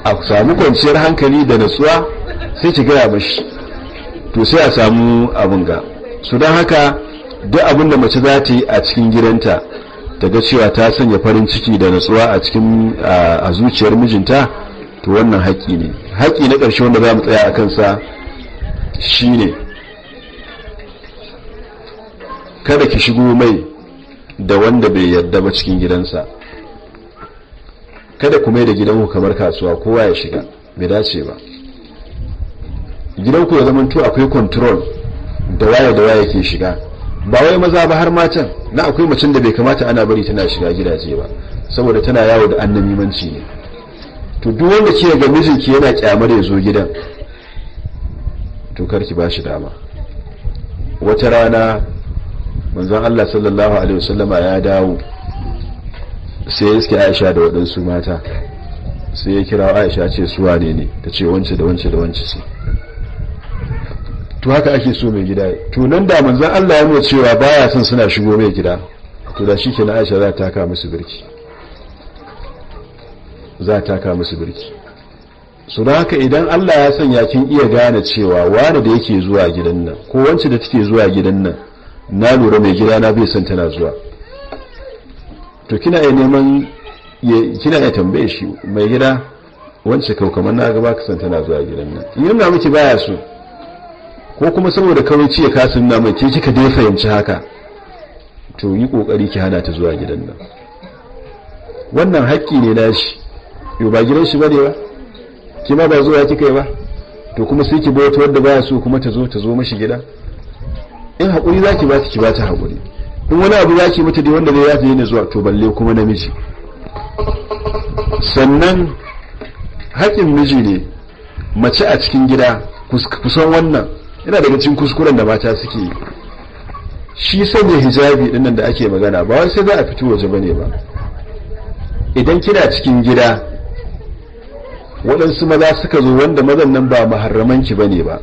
a samu kwanciyar hankali da natsuwa sai ki gaya mashi to sai a samu abin ga su don haka duk abin da mace za ta yi a cikin gidanta ta ga cewa ta sanya farin ciki da natsuwa a cikin a zuciyar mijinta to wannan haƙƙi ne haƙƙi na ƙarshe wanda za mu tsaya a kansa shi ne kada ki shigo mai da wanda bai yarda ba cikin gidansa kada ku mai da gidanku kamar kasuwa kowa ya shiga bai dace ba gidanku ya zamanto akwai control da waye da waye ke shiga ba wai maza ba har matan na akwai macen da bai kamata ana bari tana shiga gidaje ba saboda tana yawo da annamimanci ne to duk wanda ke ga ki yana kyamar ya zo gidan to karki ba shi dama wata rana manzon Allah sallallahu alaihi wasallama ya dawo sai ya iske aisha da waɗansu mata sai ya kira aisha ce suwa ne ne ta ce wance da wance da wance su to haka ake so mai gida to nan da manzan Allah ya nuna cewa baya son suna shigo mai gida to da ke na aisha za ta taka musu birki za ta taka musu birki su da haka idan Allah ya sanya kin iya gane cewa wani da yake zuwa gidan nan ko wance da take zuwa gidan nan na lura mai gida na bai son tana zuwa to kina iya neman kina yi tambaye shi mai gida wancan kau kamar na gaba kasan tana zuwa gidan nan yin nuna baya so ko kuma saboda kawai ciye kasin na mai ke kika dai fahimci haka to yi kokari ki hana ta zuwa gidan nan wannan haƙƙi ne na shi yau ba gidan shi bane ba ki ma ba zuwa kika yi ba to kuma sai ki bauta wanda baya so kuma ta zo ta zo mashi gida in haƙuri za ki ba ta ki ba ta haƙuri in wani abu ya ce mata dai wanda zai yafe ne zuwa to balle kuma namiji sannan haƙin miji ne mace a cikin gida kusan wannan yana daga cikin kuskuren da mata suke yi shi sanya hijabi nan da ake magana ba wai sai za a fito waje bane ba idan kina cikin gida waɗansu maza suka zo wanda mazan nan ba maharramanki bane ba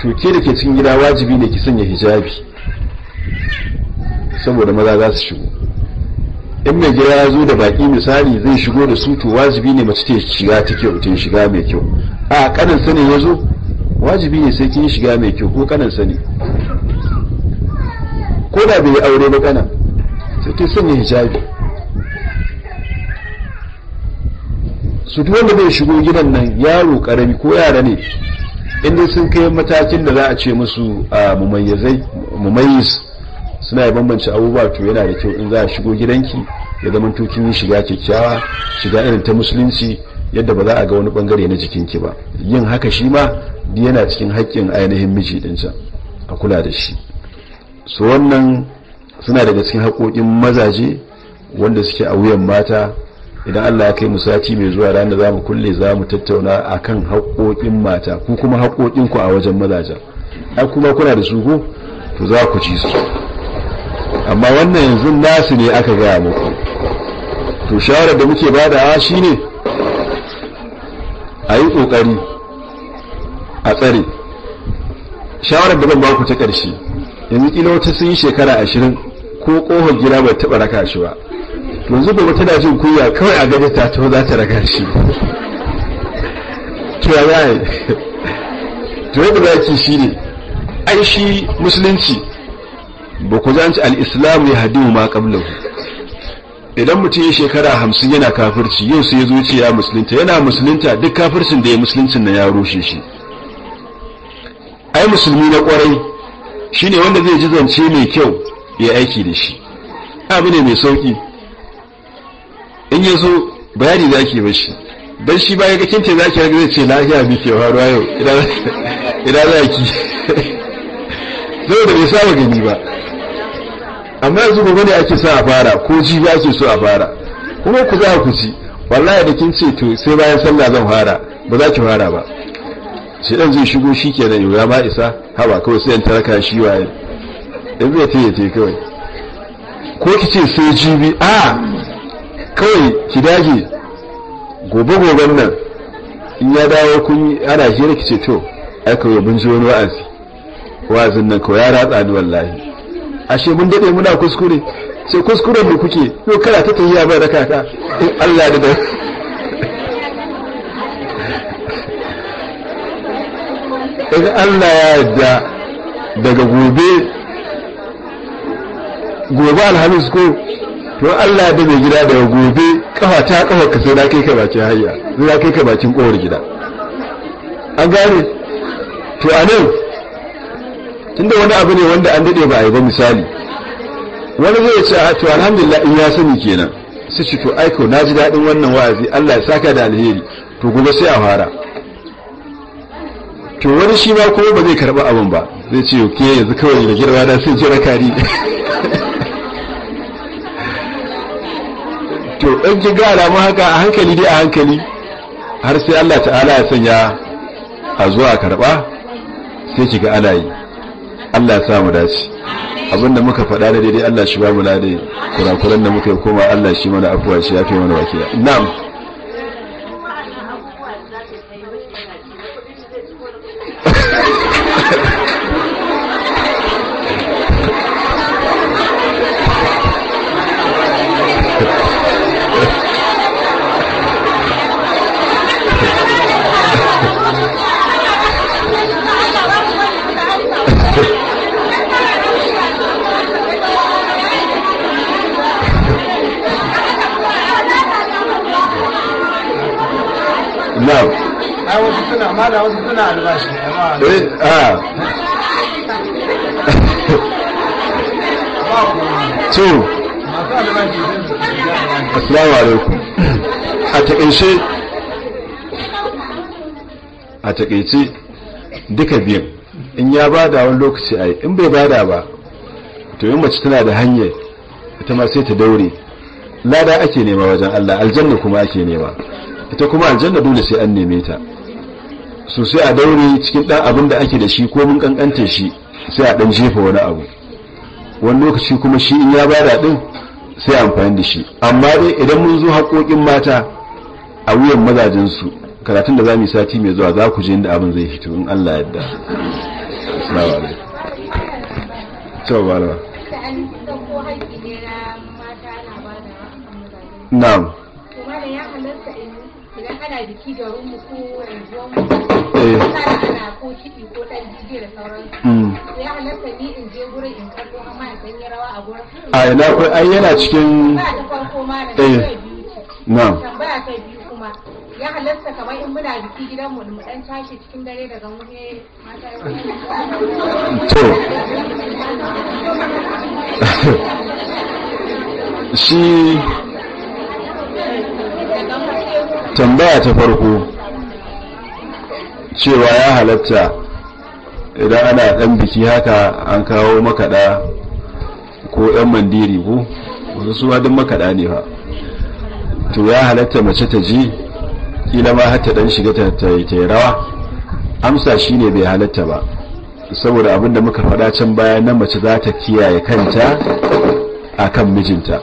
to ke da ke cikin gida wajibi ne ki sanya hijabi saboda maza za su shigo in mai gida ya zo da baki misali zai shigo da su to wajibi ne mace ta shiga ta kyau shiga mai kyau a kanin sani ya zo wajibi ne sai kin shiga mai kyau ko kanin sani ko da bai aure ba kana sai ta sanya hijabi su duk wanda bai shigo gidan nan yaro karami ko yara ne inda sun kai matakin da za a ce musu a mumayyizai mumayyiz suna yi bambance abubuwa to yana da kyau in za a shigo gidanki ya zama tukin yi shiga kyakkyawa shiga irin ta musulunci yadda ba za a ga wani bangare na jikinki ba yin haka shi ma yana cikin haƙƙin ainihin miji dinsa a kula da shi so wannan suna daga cikin haƙoƙin mazaje wanda suke a wuyan mata idan Allah ya kai mu sati mai zuwa ranar zamu kulle zamu tattauna akan haƙoƙin mata ku kuma haƙoƙinku ku a wajen mazaje ai kuma kuna da su ko to za ku ci su amma wannan yanzu nasu ne aka gaya muku to shawarar da muke bada badawa shine a yi ƙoƙari a tsare shawarar da zan ba ku ta ƙarshe yanzu ƙila wata sun yi shekara ashirin ko ƙohon gida bai taɓa raka shi ba yanzu gobe tana jin kunya kawai a gani ta za ta raka shi to ya yi to ba za ki shi ne ai shi musulunci ba ku zanci al'islamu ya hadimu ma ƙablahu idan mutum ya shekara hamsin yana kafirci yau sai ya zuci ya musulunta yana musulunta duk kafircin da ya musuluncin na ya rushe shi ai musulmi na kwarai shi ne wanda zai ji zance mai kyau ya aiki da shi abu ne mai sauƙi in ya zo bayani za ke bashi don shi baya ga kinta za ke zai ce lafiya bi ke faruwa yau idan za ki zai da bai saba gani ba amma yanzu gobe gani ake so a fara ko jibi ake so a fara kuma ku za ku ci wallahi da kin ce to sai bayan sallah zan fara ba za ki fara ba shi dan zai shigo shi kenan yau ya ma isa haba kawai sai an taraka shi waye dan zai taya taya kawai ko ki ce sai jibi a kawai ki dage gobe goben nan in ya dawo kun ana hira ki ce to ai kawai mun ji wani wa'azi wa'azin nan kawai ya ratsa ni wallahi ashe mun dade muna kuskure sai kuskuren da kuke yau kana ta tahiya bai da kaka in Allah da dai idan Allah ya yarda daga gobe gobe alhamis ko to Allah da bai gida daga gobe kafa ta kafa ka sai na kai ka bakin hayya sai na kai ka bakin kowar gida an gane to a tunda wani abu ne wanda an dade ba a yi ba misali wani zai ce a ah, to alhamdulillah in ya sani kenan su ci to aiko na ji daɗin wannan wa'azi Allah ya saka da alheri to gobe sai a fara to wani shi ma kuma ba zai karɓi abin ba zai ce ke yanzu kawai da girma na sun jira kari to ɗan ki ga alamun haka a hankali dai a hankali har sai Allah ta'ala ya sanya a zuwa karɓa sai ki ga ana yi Allah ya mu dace abinda muka faɗa da daidai Allah shi ba mu lade kurakuran da muka yi koma Allah shi mana afuwa shi ya fi mana wakila na'am Eh, ah. a takaice duka biyan in ya da wani lokaci ayi in bai bada ba to yin mace tana da hanyar ta ma sai ta daure lada ake nema wajen Allah aljanna kuma ake nema ita kuma aljanna dole sai an neme ta so sai a daure cikin dan abin da ake da shi ko mun kankanta shi sai a dan jefa wani abu wani lokaci kuma shi in ya bada din sai amfani da shi amma dai idan mun zo haƙoƙin mata a wuyan mazajen su karatun da za mu sati mai zuwa za ku je inda abin zai fito in Allah yarda assalamu alaikum to na'am ana biki ko eh. ana ko kiɗi ko ɗan da sauransu hmm. ya halatta ni in je gurin in karɓo rawa a gurin a ai yana cikin ba ta farko ma na eh. biyu na tambaya ta biyu kuma ya halatta kamar in muna biki gidan mu mu dan tashi cikin dare daga wani mata to shi tambaya ta farko cewa ya halatta idan ana ɗan biki haka an kawo makaɗa ko ‘yan mandiri ko wasu suwa duk makaɗa ne ha to ya halatta mace ta ji kila ma ta ɗan shiga ta yi rawa amsa shine bai halatta ba saboda abinda muka faɗa can baya na mace za ta kiyaye kanta a kan mijinta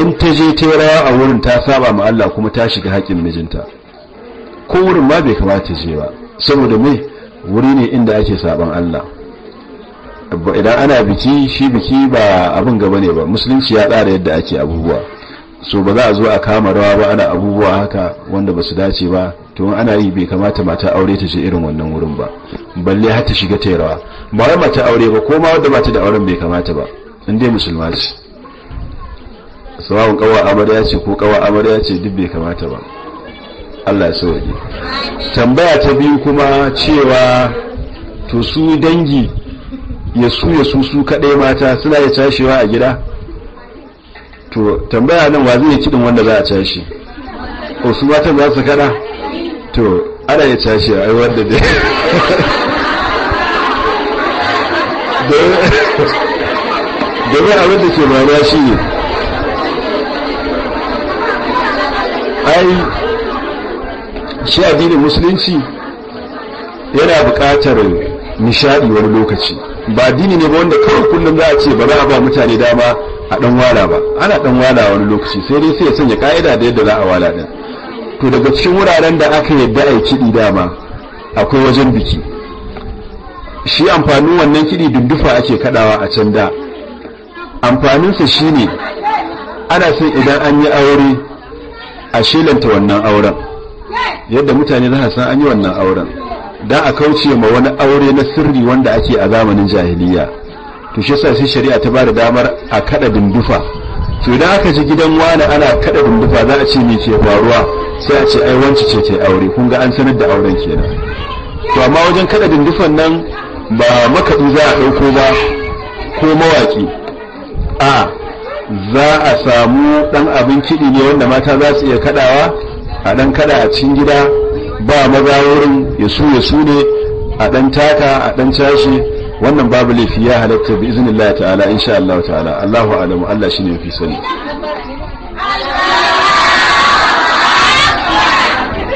in ta je ta rawa a wurin ta saba ma Allah kuma ta shiga haƙin mijinta ko wurin ma bai kamata je ba saboda me wuri ne inda ake saban Allah idan ana biki shi biki ba abin gaba ne ba musulunci ya tsara yadda ake abubuwa so ba za a zo a kama rawa ba ana abubuwa haka wanda ba su dace ba to ana yi bai kamata mata aure ta je irin wannan wurin ba balle har ta shiga ta rawa ba wai mata aure ba ko ma wanda ba ta da auren bai kamata ba in dai musulma ce sawawun kawar amarya ce ko kawar amarya ce duk bai kamata ba Allah ya sauke tambaya ta biyu kuma cewa to su dangi ya su ya su su kadai mata suna ya cashewa a gida to tambaya nan wa zai kidin wanda za a cashe ko su matan za su kada to ana ya cashe ai wanda dai domin abin da ke mana shi ne ai shi addinin musulunci yana buƙatar nishadi wani lokaci ba addini ne ba wanda kawai kullum za a ce ba za a ba mutane dama a dan wala ba ana dan wala wani lokaci sai dai sai ya sanya ka'ida da yadda za a wala din to daga cikin wuraren da aka yadda a yi kiɗi dama akwai wajen biki shi amfanin wannan kiɗi dundufa ake kaɗawa a can da amfaninsa shine ana son idan an yi aure a shelanta wannan auren yadda mutane za san an yi wannan auren da a kauce ma wani aure na sirri wanda ake a zamanin jahiliya to shi yasa sai shari'a ta da damar a kada dundufa to idan aka ji gidan wani ana kada dundufa za a ce me ke faruwa sai a ce ai wance ce ta aure kun ga an sanar da auren kenan to amma wajen kada dundufan nan ba makaɗi za a ɗauko ba ko mawaƙi a za a samu dan abin kidi ne wanda mata za su iya kaɗawa a dan kaɗa a cikin gida ba maza wurin ya su ya su ne a dan taka a dan cashe wannan babu laifi ya halatta bi iznillahi ta'ala insha Allah ta'ala Allahu alamu Allah shine yafi sani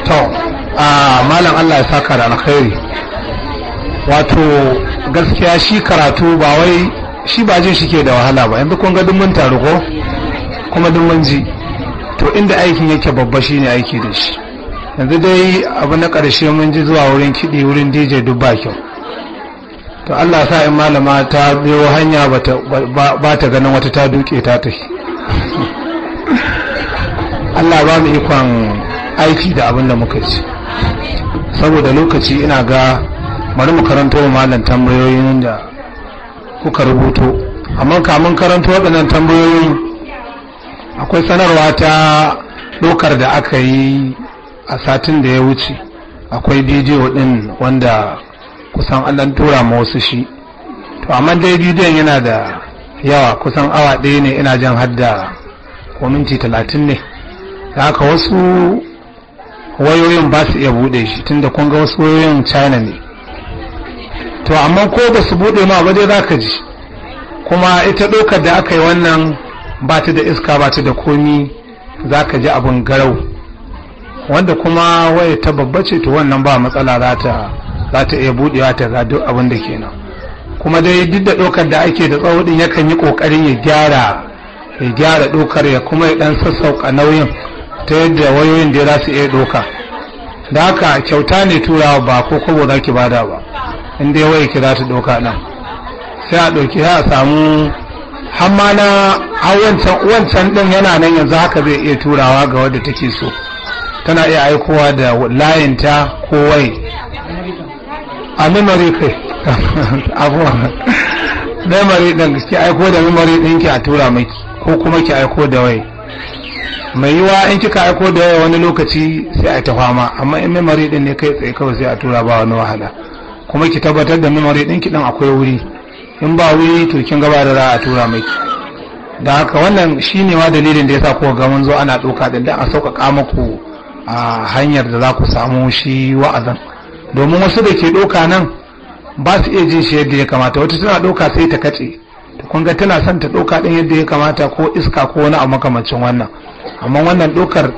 to a malam Allah ya saka da alkhairi wato gaskiya shi karatu ba wai shi ba jin shi ke da wahala ba yanzu kun ga duk mun taru ko kuma duk ji to inda aikin yake babba shi ne aiki da shi yanzu dai abu na ƙarshe mun ji zuwa wurin kiɗi wurin DJ duk ba kyau to Allah sa in malama ta biyo hanya ba ta ganin wata ta duke ta ta Allah ba mu ikon aiki da abin da muka ci saboda lokaci ina ga bari mu karanto malam tambayoyin da kuka rubuto amma kamun karanta waɗannan tambayoyin akwai sanarwa ta ɗaukar da aka yi a satin da ya wuce akwai bidiyo ɗin wanda kusan an ɗan tura ma wasu shi to amma dai bidiyon yana da yawa kusan awa ɗaya ne ina jan hadda ko minti talatin ne da haka wasu wayoyin ba su iya buɗe shi tunda kun ga wasu wayoyin china ne to amma ko ba su buɗe ma ba za ka ji kuma ita ɗaukar da aka yi wannan ba ta da iska ba ta da komi za ka ji abin garau wanda kuma waya ta babba ce to wannan ba matsala za ta za ta iya buɗewa ta ga duk abin da ke nan kuma dai duk da ɗaukar da ake da tsawo ɗin yakan yi ƙoƙarin ya gyara ya gyara ɗaukar ya kuma ya ɗan sassauƙa nauyin ta yadda wayoyin da za su iya ɗauka da haka kyauta ne turawa ba ko kobo za ki bada ba in dai waye ki za ta ɗauka nan sai a ɗauki ya samu hamma na wancan ɗin yana nan yanzu haka zai iya turawa ga wadda take so tana iya aikowa da layinta ko wai a memory kai abuwa memory ɗin ki aiko da memory ki a tura miki ko kuma ki aiko da wai mai yiwa in kika aiko da wani lokaci sai a ta fama amma in memory din ne kai tsaye kawai sai a tura ba wani wahala kuma ki tabbatar da memory ɗinki ɗin akwai wuri in ba wuri to kin gaba da za tura miki da haka wannan shine ma dalilin da yasa kuka ga mun zo ana ɗauka ɗin da a sauƙaƙa muku a hanyar da za ku samu shi wa'azan domin wasu da ke ɗauka nan ba su iya jin shi yadda ya kamata wata tana ɗauka sai ta kace ta kun ga tana son ta ɗauka ɗin yadda ya kamata ko iska ko wani abu makamancin wannan amma wannan ɗaukar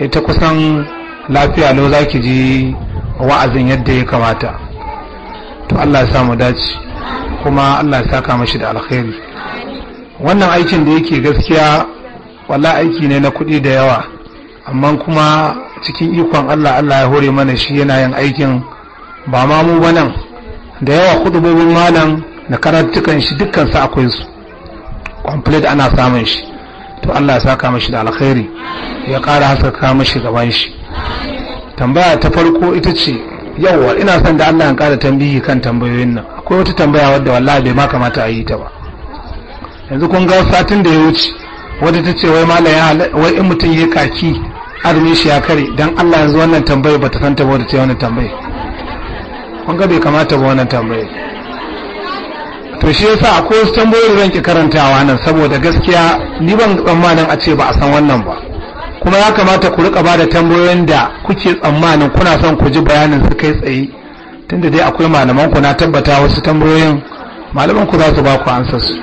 ita kusan lafiya lau za ki ji wa'azin yadda ya kamata to Allah ya sa dace kuma Allah ya saka mashi da alkhairi wannan aikin da yake gaskiya wala aiki ne na kuɗi da yawa amma kuma cikin ikon Allah Allah ya hore mana shi yana yin aikin ba ma mu ba nan da yawa kudubobin malam da karatukan shi dukkan sa akwai su complete ana samun shi to Allah ya saka mashi da alkhairi ya ƙara haskaka mashi gaban shi tambaya ta farko ita ce yawwa ina son da Allah ya kara tambihi kan tambayoyin nan akwai wata tambaya wadda wallahi bai ma kamata a yi ta ba yanzu kun ga satin da ya wuce wadda ta ce wai malam ya wai in mutum ya kaki azumin shi ya kare dan Allah yanzu wannan tambayar bata san ta ba wadda ta wannan tambayar kun ga bai kamata ba wannan tambayar to shi yasa akwai wasu tambayoyi zan ki karantawa nan saboda gaskiya ni ban tsammanin a ce ba a san wannan ba kuma ya kamata ku rika bada tambayoyin da kuke tsammanin kuna son ku ji bayanin su kai tsaye tunda dai akwai malaman ku na tabbata wasu tambayoyin malaman ku za su ba ku ansa su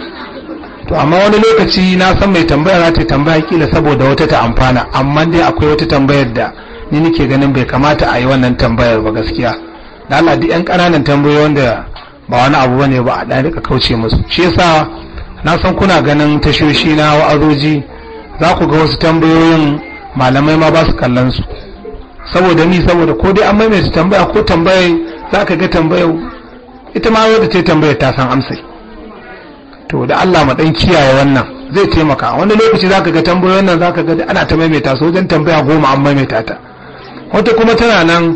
to amma wani lokaci na san mai tambaya za ta tambaya kila saboda wata ta amfana amma dai akwai wata tambayar da ni nake ganin bai kamata a yi wannan tambayar ba gaskiya da Allah duk yan ƙananan tambayoyi wanda ba wani abu bane ba a dan rika kauce musu shi yasa na san kuna ganin tashoshi na wa'azoji za ku ga wasu tambayoyin malamai ma ba su kallon su saboda ni saboda ko dai an maimaita tambaya ko tambayar za ka ga tambayar ita ma wadda ce tambayar ta san amsai to da Allah ma dan kiyaye wannan zai taimaka wani lokaci za ka ga tambayoyin nan za ka ga ana ta maimaita su wajen tambaya goma an maimaita ta wata kuma tana nan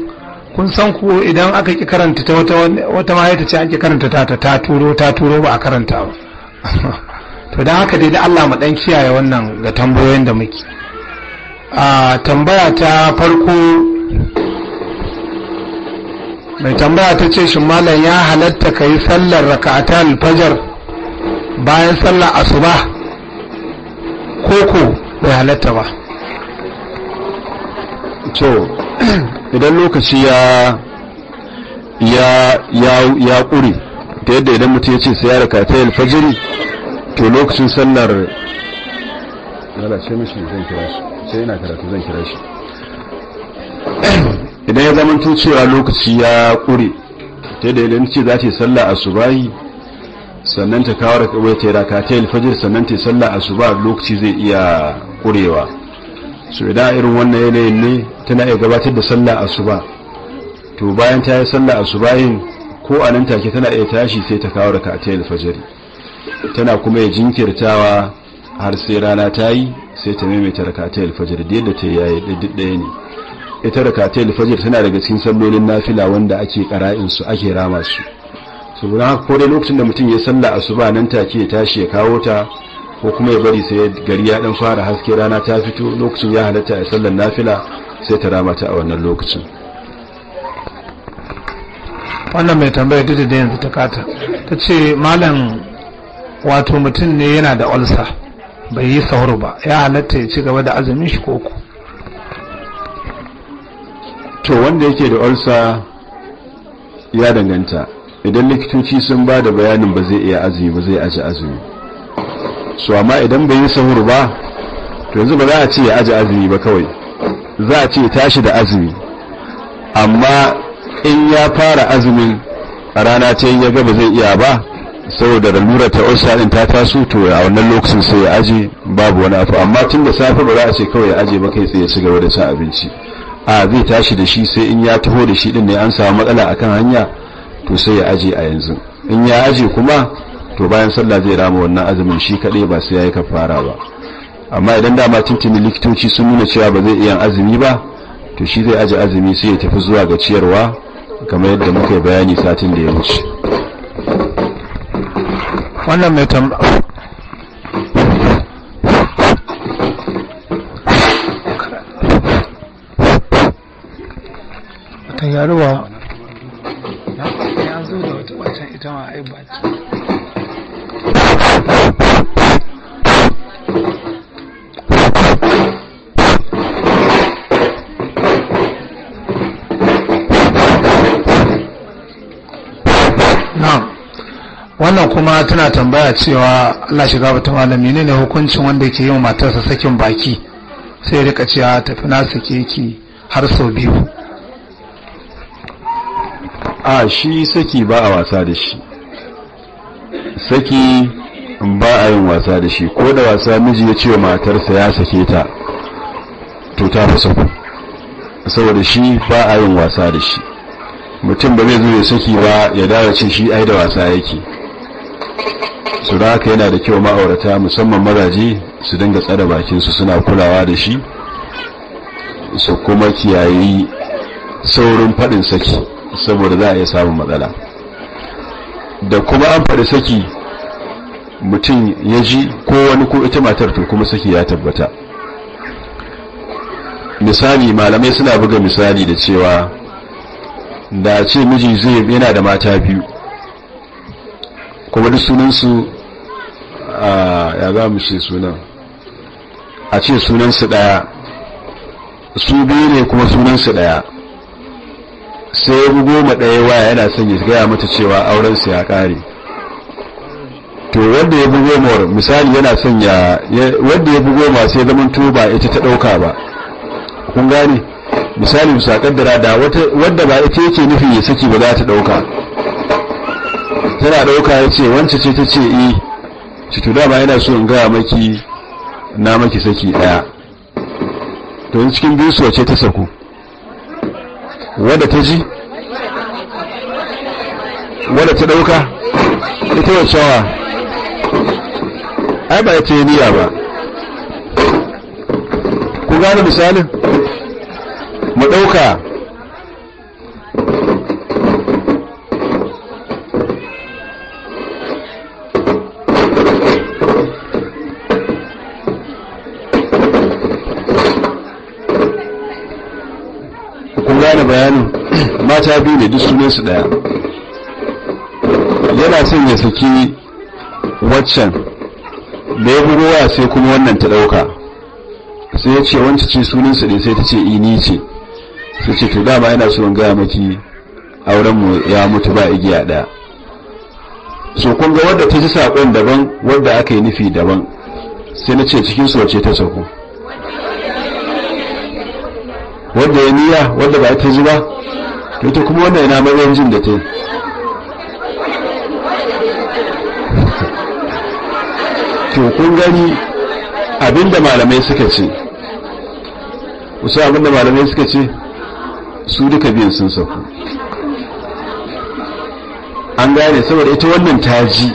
kun san ku idan aka ki karanta ta wata wata ma ce ake karanta ta ta turo ta turo ba a karanta ba to don haka dai da Allah mu dan kiyaye wannan ga tambayoyin da muke a tambaya ta farko mai tambaya ta ce shi malam ya halatta ka yi sallar raka'atan fajar bayan sallar asuba koko bai halatta ba to idan lokaci ya ya ya ƙure ta yadda idan mutu ya ce sai ya raka raka'ata alfajiri to lokacin sallar ce mishi zan kira shi sai yana karatu zan kira shi idan ya zama cewa lokaci ya kure ta da ilimin ce za ta yi sallah a subahi sannan ta kawar kawai ta yi raka ta yi alfajir sannan ta yi sallah a suba lokaci zai iya kurewa su idan irin wannan yanayin ne tana iya gabatar da sallah a suba to bayan ta yi sallah a subahin ko a nan take tana iya tashi sai ta kawar ka ta yi alfajiri tana kuma ya jinkirtawa har sai rana ta yi sai ta maimaita rakatai alfajir da yadda ta yayi duk ɗaya ne ita rakatai alfajir tana daga cikin sallolin nafila wanda ake ƙara'in su ake rama su saboda haka ko dai lokacin da mutum ya salla asuba nan take ya tashi ya kawo ta ko kuma ya bari sai gari ya dan fara haske rana ta fito lokacin ya halatta ya sallar nafila sai ta rama ta a wannan lokacin wannan mai tambaya da yanzu ta kata ta ce malam wato mutum ne yana da ulsa bai yi sauru ba ya halatta ya ci gaba da azumin shi koko to wanda yake da ulsa ya danganta idan likitoci sun ba da bayanin ba zai iya azumi ba zai aji azumi su amma idan bai yi sahur ba to yanzu ba za a ce ya aji azumi ba kawai za a ce tashi da azumi amma in ya fara azumin a rana ce ya gaba zai iya ba saboda lura ta osa din ta taso to a wannan lokacin sai ya aje babu wani abu amma tun da safe ba za a ce kawai ya aje ba kai tsaye su gaba da cin abinci a zai tashi da shi sai in ya taho da shi din ne an samu matsala akan hanya to sai ya aje a yanzu in ya aje kuma to bayan sallah zai rama wannan azumin shi kadai ba sai yayi kafara ba amma idan dama tuntuni likitoci sun nuna cewa ba zai iya azumi ba to shi zai aje azumi sai ya tafi zuwa ga ciyarwa kamar yadda muka bayani satin da ya wuce wannan mai tambaya yaruwa ya zo da wata wacan ita ma ai wannan kuma tana tambaya cewa Allah shiga batun malami ne ne hukuncin wanda ke yi wa matarsa sakin baki sai rika cewa tafi na sake ki har sau biyu a shi saki ba a wasa da shi saki ba a yin wasa da shi ko da wasa miji ya ce wa matarsa ya sake ta to ta fi sako saboda shi ba a yin wasa da shi mutum ba zai zo ya saki ba ya dawo ce shi ai da wasa yake su da yana da kyau ma'aurata musamman mazaje su dinga tsada bakinsu suna kulawa da shi su kuma kiyayi saurin faɗin saki saboda za a iya samun matsala da kuma an faɗi saki mutum ya ji ko wani ko ita matar to kuma saki ya tabbata misali malamai suna buga misali da cewa da ce miji zai yana da mata biyu kuma duk sunansu ya za mu ce sunan a ce sunansu ɗaya su biyu ne kuma sunansu ɗaya sai bu goma ɗaya waya yana son ya gaya mata cewa aurensu ya ƙare to wanda ya bugo mawar misali yana son ya wanda ya bugo ma sai zaman tuba ita ta ɗauka ba kun gane misali musa kaddara da wadda ba ita yake nufi ya saki ba za ta ɗauka tana ɗauka ya ce wance ce ta ce e eh. cito dama yana so in gaya maki na maki saki ɗaya to in cikin biyu wace ta saku wadda ta ji wadda ta ɗauka ita wacewa ai ba ya yi niya ba ku gane misalin mu ɗauka bayanin mata biyu ne duk sunan su daya yana son ya saki waccan da ya bugo sai kuma wannan ta dauka sai ya ce wancan ce sunan su ne sai ta ce ini eh, ce sai ce to dama yana so gaya maki auren mu ya mutu ba igiya daya so kun ga wadda ta ji saƙon daban wanda aka yi nufi daban sai na ce cikin su wacce ta saku. wanda ya niya wanda ba ta ji ba ita kuma wannan yana matsayin jin da ta yi to kun gani abinda malamai suka ce wasu abinda malamai suka ce su duka biyan sun sauku an gane saboda ita wannan ta ji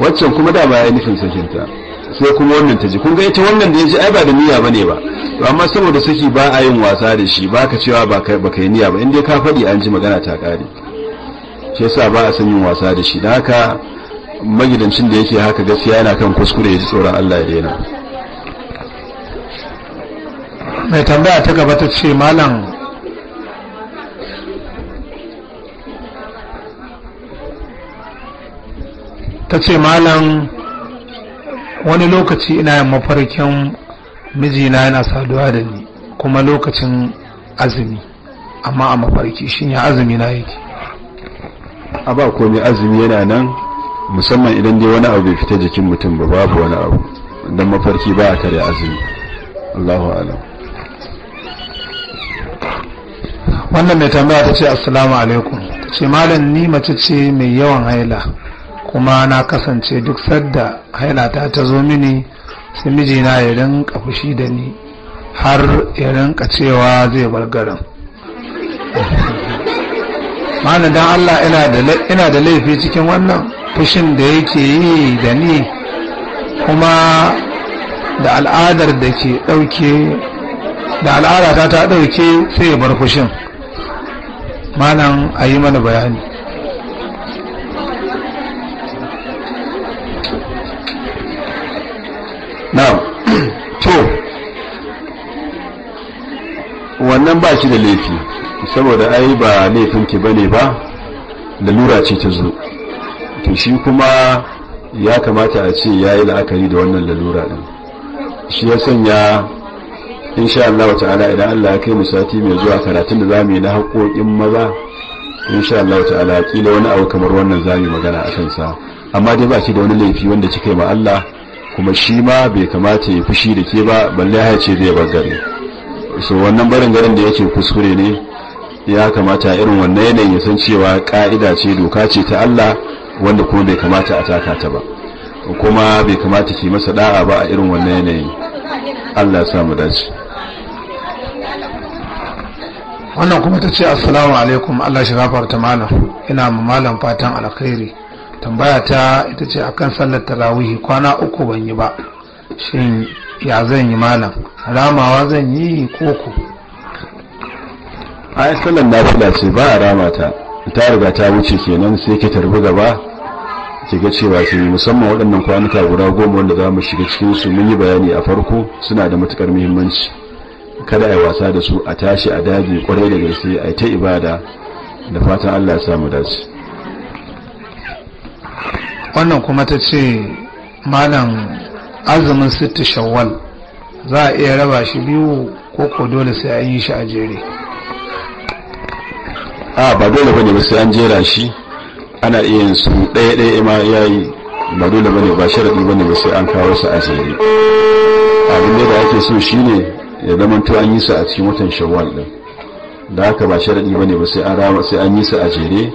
waccan kuma da ba ya nufin sakinta sai kuma wannan ta ji kun ga ita wannan da ya ji ai ba da niyya bane ba amma saboda saki ba a yin wasa da shi ba ka cewa ba ka yi niyya ba inda ka faɗi an ji magana ta ƙare shi yasa ba a san yin wasa da shi da haka magidancin da yake haka gaskiya yana kan kuskure ya ji tsoron Allah ya daina mai tambaya ta gaba ta ce malam ta ce malam wani lokaci ina yin mafarkin mijina yana saduwa da ni kuma lokacin azumi amma a mafarki shi ne azumi na yake a ba komai azumi yana nan musamman idan dai wani abu bai fita jikin mutum ba babu wani abu don mafarki ba a tare azumi Allahu alam wannan mai tambaya ta ce assalamu alaikum ce malam ni mace ce mai yawan haila kuma na kasance duk sadda hailata ta zo mini su mijina ya rinka fushi da ni har ya rinka cewa zai bar garin mana don Allah ina da laifi cikin wannan fushin da yake yi da ni kuma da al'adar da ke ɗauke da al'adata ta ɗauke sai ya bar fushin manan a yi mana bayani na'am to wannan ba shi da laifi saboda ai ba laifinki bane ba lalura ce ta zo to shi kuma ya kamata a ce ya yi la'akari da wannan lalura ɗin shi ya sanya insha Allah ta'ala idan Allah ya kai mu sati mai zuwa karatun da za mu yi na haƙoƙin maza insha Allah ta'ala kila wani abu kamar wannan zamu magana a kansa amma dai ba shi da wani laifi wanda kika yi ma Allah kuma shi ma bai kamata ya fushi da ke ba balle ya ce zai bar gari so wannan barin garin da yake kuskure ne ya kamata irin wannan yanayin ya san cewa ka'ida ce doka ce ta Allah wanda kuma bai kamata a taka ta ba kuma bai kamata ki masa da'a ba a irin wannan yanayin Allah ya samu dace wannan kuma ta ce assalamu alaikum Allah shi ta malam ina ma malam fatan alkhairi tambaya ta ita ce akan sallar tarawihi kwana uku ban yi ba shin ya zan yi malam ramawa zan yi koko a sallar nafila ce ba a ramata ta ta riga ta wuce kenan sai ke tarbi gaba ke ga cewa su yi musamman waɗannan kwanuka guda goma wanda za mu shiga cikin su mun yi bayani a farko suna da matukar muhimmanci kada a yi wasa da su a tashi a daji kwarai da gaske a yi ta ibada da fatan allah ya samu dace wannan kuma ta ce malam azumin sittu shawwal za a iya raba shi biyu ko ko dole sai an yi shi a jere a ba dole bane ba sai an jera shi ana iya yin su ɗaya ɗaya ma ya yi ba dole bane ba sharadi bane ba sai an kawo su a jere abin da ake so shine ya zama to an yi su a cikin watan shawwal din da haka ba sharadi bane ba sai an sai an yi su a jere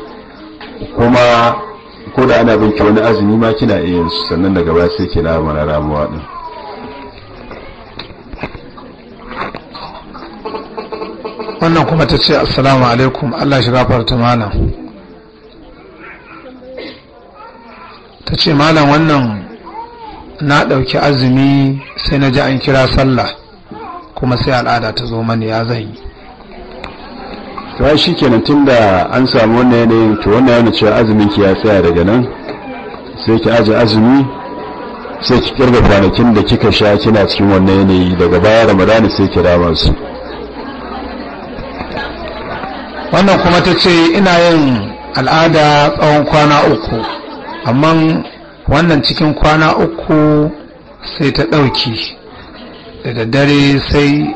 kuma ko da ana binki wani azumi ma kina iya sannan daga baya sai kina mana ramuwa din wannan kuma ta ce assalamu alaikum allah shi gafarta mana ta ce malam wannan na ɗauki azumi sai na ji an kira sallah kuma sai al'ada ta zo mani ya zan yi to ai shikenan tunda an samu wannan yanayin to wannan yana cewa azumin ki ya tsaya daga nan sai ki aje azumi sai ki kirga kwanakin da kika sha kina cikin wannan yanayi daga baya ramadan sai ki rama su wannan kuma ta ce ina yin al'ada tsawon kwana uku amma wannan cikin kwana uku sai ta ɗauki da daddare sai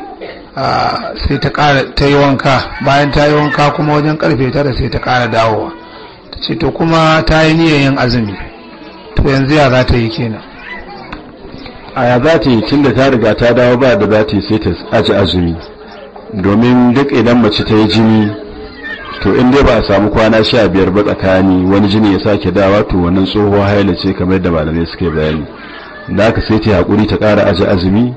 sai ta ƙara ta yi wanka bayan ta yi wanka kuma wajen karfe tara sai ta ƙara dawowa ta ce to kuma ta yi niyyar yin azumi to yanzu ya za ta yi kenan a ya za ta yi tun ta riga ta dawo ba da za ta yi sai ta aji azumi domin duk idan mace ta yi jini to in dai ba a samu kwana sha biyar ba tsakani wani jini ya sake dawa to wannan tsohuwa haila kamar da malamai suka bayani da aka sai ta yi haƙuri ta ƙara aji azumi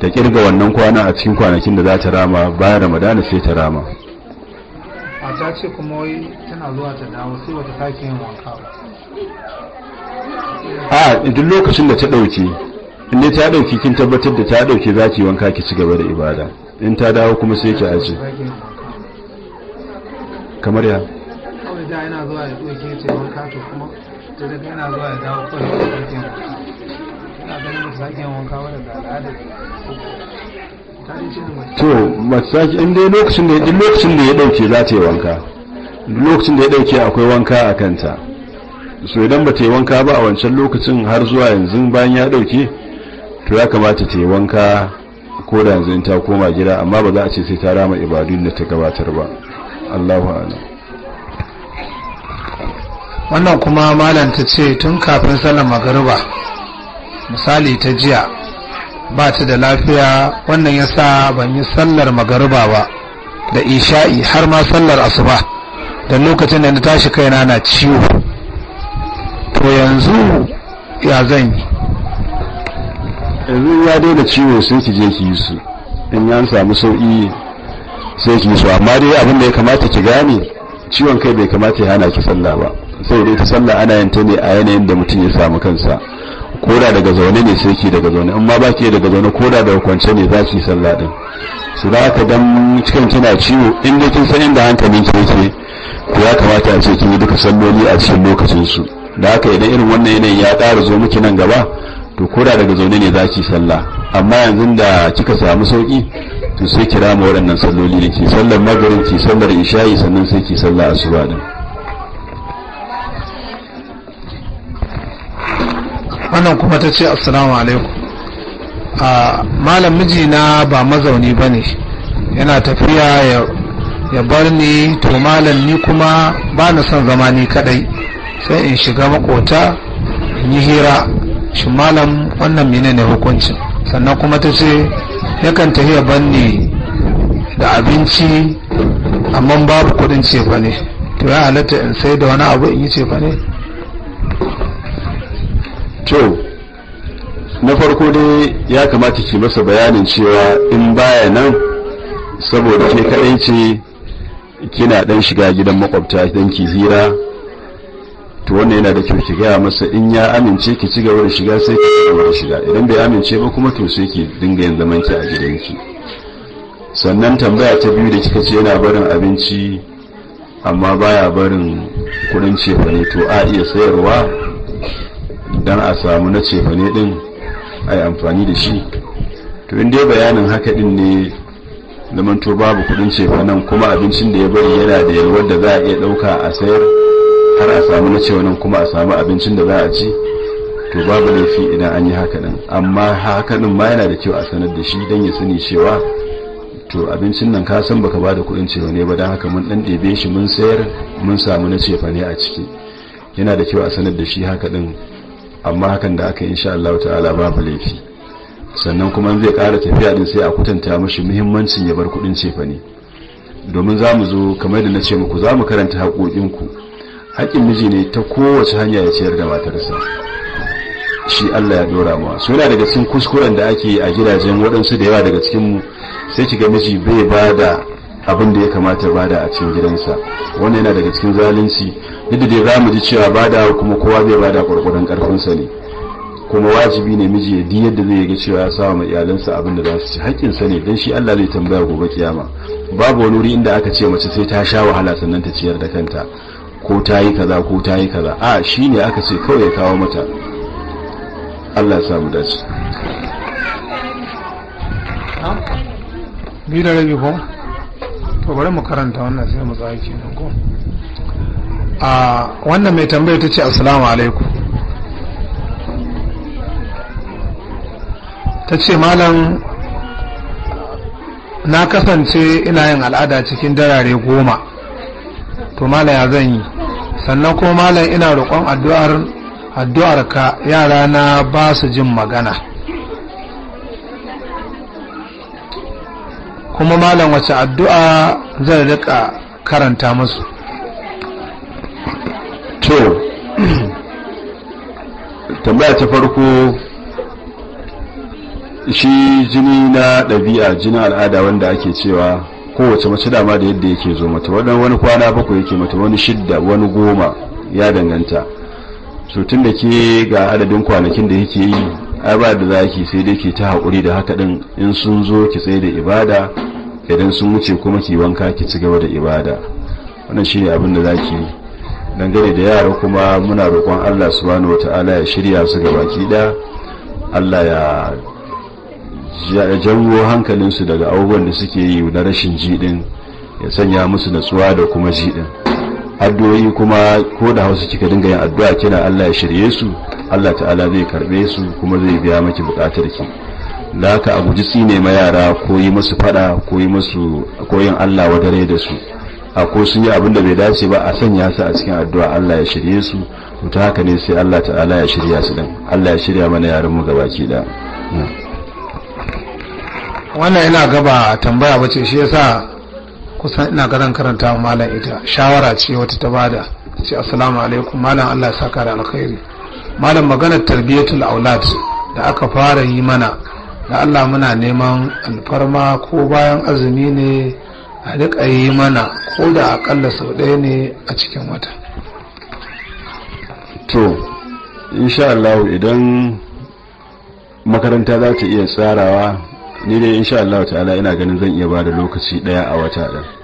ta kirga wannan kwana a cikin kwanakin da za ta rama bayan ramadana sai ta rama a ta ce kuma wai tana zuwa ta dawo sai wata sake yin wanka ba. a duk lokacin da ta dauke inda ta dauke kin tabbatar da ta dauke za ki wanka ki cigaba da ibada in ta dawo kuma sai ki aje kamar ya kawai da yana zuwa ya dauke ce wanka to kuma ta daga yana zuwa ya dawo kawai to in dai lokacin da duk lokacin da ya dauke za ta yi wanka lokacin da ya dauke akwai wanka a kanta so idan ba ta yi wanka ba a wancan lokacin har zuwa yanzu bayan ya dauke to ya kamata ta yi wanka ko da yanzu ta koma gida amma ba za a ce sai ta rama ibadun da ta gabatar ba Allahu a'lam wannan kuma malam ta ce tun kafin sallar magariba misali ta jiya ba ta da lafiya wannan ya sa ban yi sallar magariba ba da isha'i har ma sallar asuba da lokacin da na tashi kaina na ciwo to yanzu ya zan yi yanzu ya daina ciwo sai ki je ki yi su in ya samu sau'i sai ki yi su amma dai abin da ya kamata ki gane ciwon kai bai kamata ya hana ki sallah ba sai dai ta sallah ana yanta ne a yanayin da mutum ya samu kansa koda daga zaune ne sai ki daga zaune amma ba ki daga zaune koda daga kwance ne za ki sallah din su da aka dan cikin kina ciwo in da kin san inda hankalin ki yake ko ya kamata a ce kin yi duka salloli a cikin lokacin su da haka idan irin wannan yanayin ya ƙara zo miki nan gaba to koda daga zaune ne za ki sallah amma yanzu da kika samu sauki to sai kira mu waɗannan salloli da ke sallar magharib ki sallar isha'i sannan sai ki sallah asuba din wannan kuma ta ce assalamu alaikum malam mijina ba mazauni ba ne yana tafiya ya bar ni to malam ni kuma ba na son zama ni kadai sai in shiga makota in yi hira shi malam wannan mine ne hukuncin sannan kuma ta ce yakan tafiya ban ni da abinci amma babu kudin cefa ne to ya halatta in sai da wani abu in yi cefa ne to na farko dai ya kamata ki masa bayanin cewa in baya nan saboda ke kaɗai ce kina ɗan shiga gidan makwabta idan ki hira to wannan yana da kyau ki gaya masa in ya amince ki ci gaba da shiga sai ki ci gaba da shiga idan bai amince ba kuma to sai ki dinga yin zaman ki a gidanki sannan tambaya ta biyu da kika ce yana barin abinci amma baya barin kudin cefane to a iya sayarwa don a samu na cefane din a yi amfani da shi to inda bayanin haka din ne zamanto babu kudin cefanen kuma abincin da ya bari yana da yalwar da za a iya dauka a sayar har a samu na nan kuma a samu abincin da za a ci to babu laifi idan an yi haka din amma haka din ma yana da kyau a sanar da shi don ya sani cewa to abincin nan ka san baka da kudin ne ba don haka mun dan ɗebe shi mun sayar mun samu na cefane a ciki yana da kyau a sanar da shi haka din amma hakan da aka yi insha Allah ta'ala babu laifi sannan kuma zai ƙara tafiya din sai a kutanta mashi muhimmancin ya bar kuɗin cefa ne domin za mu zo kamar da na ce muku za mu karanta haƙoƙinku haƙƙin miji ne ta kowace hanya ya ciyar da matarsa shi Allah ya dora mu suna daga cikin kuskuren da ake a gidajen waɗansu da yawa daga cikin mu sai kiga miji bai ba da abin da ya kamata bada a cikin gidansa wannan yana daga cikin zalunci duk da dai za mu ji cewa bada kuma kowa zai bada karfin ƙarfinsa ne kuma wajibi ne miji ya diyar da zai ga cewa ya sawa mai iyalansa abin da za su ci hakkin sa ne don shi Allah zai tambaya gobe kiyama babu wani wuri inda aka ce mace sai ta sha wahala sannan ta ciyar da kanta ko ta yi kaza ko ta yi kaza a shi ne aka ce kawai ya kawo mata Allah ya samu dace. Bi da rabi ko? to bari mu karanta wannan sai mu tsaya kenan ko a wannan mai tambaya ta ce assalamu alaikum ta ce malam na kasance ina yin al'ada cikin darare goma to malam ya zan yi sannan ko malam ina roƙon addu'ar addu'ar ka yara na ba su jin magana kuma malam wace addu'a zai rika karanta musu to tambaya ta farko shi jini na ɗabi'a jini al'ada wanda ake cewa kowace mace dama da yadda yake zo mata wani kwana bakwai yake mata wani shidda wani goma ya danganta so tun da ke ga adadin kwanakin da yake yi ai ba da zaki sai dai ke ta haƙuri da haka din in sun zo ki tsaye da ibada idan sun wuce kuma ki wanka ki ci gaba da ibada wannan shine abin da zaki dangane da yara kuma muna roƙon Allah subhanahu wataala ya shirya su ga baki da Allah ya janwo hankalinsu daga abubuwan da suke yi na rashin jiɗin ya sanya musu natsuwa da kuma jiɗin addu'o'i kuma ko da hausa kika dinga yin addu'a kina Allah ya shirye su Allah ta'ala zai karbe su kuma zai biya maki bukatar ki da ka a guji tsine ma yara ko yi musu fada ko yi musu koyin Allah dare da su a ko sun yi abin da bai dace ba a sanya su a cikin addu'a Allah ya shirye su ta haka ne sai Allah ta'ala ya shirya su din Allah ya shirya mana yaran mu gabaki da wannan ina gaba tambaya bace shi yasa kusan ina garan karanta malam ita shawara ce wata ta bada ce assalamu alaikum malam Allah ya saka da alkhairi malam maganar tarbiyatul aulad da aka fara yi mana da Allah muna neman alfarma ko bayan azumi ne a duka yi mana ko da aƙalla sau ɗaya ne a cikin wata to insha Allah idan makaranta za ta iya tsarawa ni dai insha Allah ta'ala ina ganin zan iya bada lokaci ɗaya a wata ɗin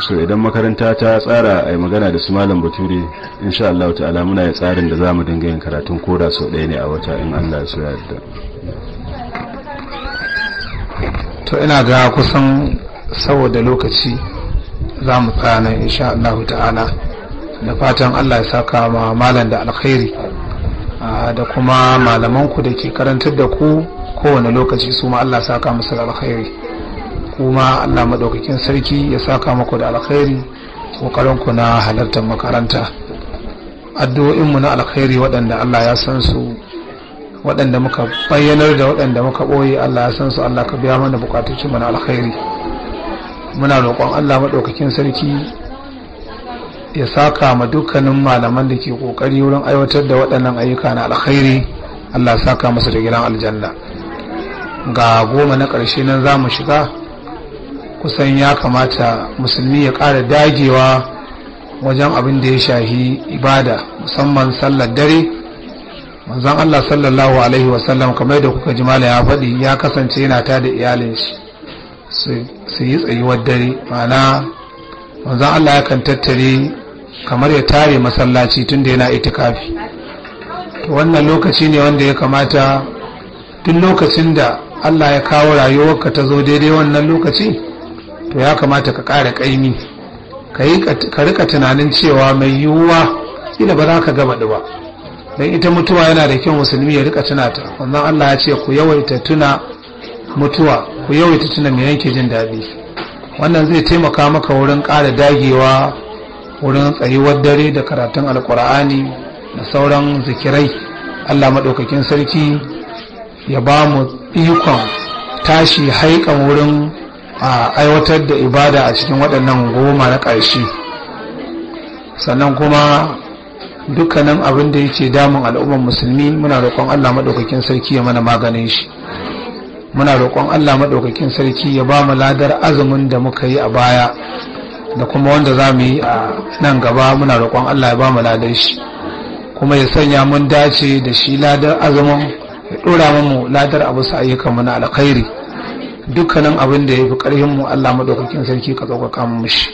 so idan makaranta ta tsara a yi magana da su malam bature insha Allah ta'ala muna ya tsarin da za mu dinga yin karatun koda sau ɗaya ne a wata in Allah ya so yarda to ina ga kusan saboda lokaci za mu tsaya in insha Allah ta'ala da fatan Allah ya saka ma malam da alkhairi da kuma malamanku da ke karantar da ku kowane lokaci su ma Allah saka musu alkhairi kuma allah maɗaukakin sarki ya saka muku da alkhairi ƙoƙarinku na halartar makaranta addu'o'inmu na alkhairi waɗanda allah ya san su waɗanda muka bayyanar da waɗanda muka ɓoye allah ya san su allah ka biya mana buƙatun mana alkhairi muna roƙon allah maɗaukakin sarki ya saka ma dukkanin malaman da ke ƙoƙari wurin aiwatar da waɗannan ayyuka na alkhairi Allah saka masa da gidan aljanna ga goma na ƙarshe nan za mu shiga kusan ya kamata musulmi ya ƙara dagewa wajen abin da ya shahi ibada musamman sallar dare manzon Allah sallallahu alaihi wasallam kamar da kuka jimala ya faɗi ya kasance yana ta da iyalin shi su yi tsayuwar dare mana manzon Allah ya kan tattare kamar ya tare masallaci tunda da yana itikafi wannan lokaci ne wanda ya kamata duk lokacin da Allah ya kawo rayuwar ka ta zo daidai wannan lokaci to ya kamata ka ƙara ƙaimi ka rika tunanin cewa mai yiwuwa kila ba za ka gaba ba don ita mutuwa yana da kyau musulmi ya rika tuna wannan Allah ya ce ku yawaita tuna mutuwa ku yawaita tuna mai yanke jin daɗi wannan zai taimaka maka wurin ƙara dagewa wurin tsayuwar dare da karatun alkur'ani da sauran zikirai Allah maɗaukakin sarki ya ba mu ikon tashi haikan wurin a aiwatar da ibada a cikin waɗannan goma na ƙarshe sannan kuma dukkanin abin da yake damun al'ummar musulmi muna roƙon Allah maɗaukakin sarki ya mana maganin shi muna roƙon Allah maɗaukakin sarki ya ba mu ladar azumin da muka yi a baya da kuma wanda za mu yi a nan gaba muna roƙon Allah ya ba mu ladar shi kuma ya sanya mun dace da shi ladar azumin ya ɗora mu ladar abu sa ayyukan na alkhairi dukkanin abin da ya fi ƙarfin mu Allah madaukakin sarki ka ɗaukaka mu mishi.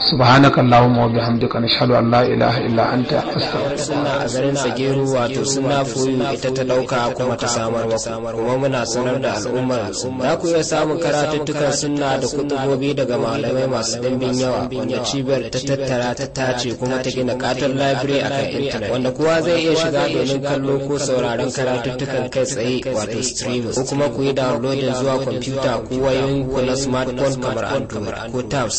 subhanaka allahumma wa bihamdika nashhadu an la ilaha illa anta astaghfiruka sunna a garin tsagero wato sunna ita ta dauka kuma ta samarwa kuma muna sanar da al'ummar za ku iya samun karatuttukan sunna da kutubobi daga malamai masu dimbin yawa wanda cibiyar ta tattara ta tace kuma ta gina katon library akan intanet wanda kowa zai iya shiga domin kallo ko sauraron karatuttukan kai tsaye wato streaming ko kuma ku yi downloading zuwa kwamfuta ko wayoyin ku na smartphone kamar android ko tabs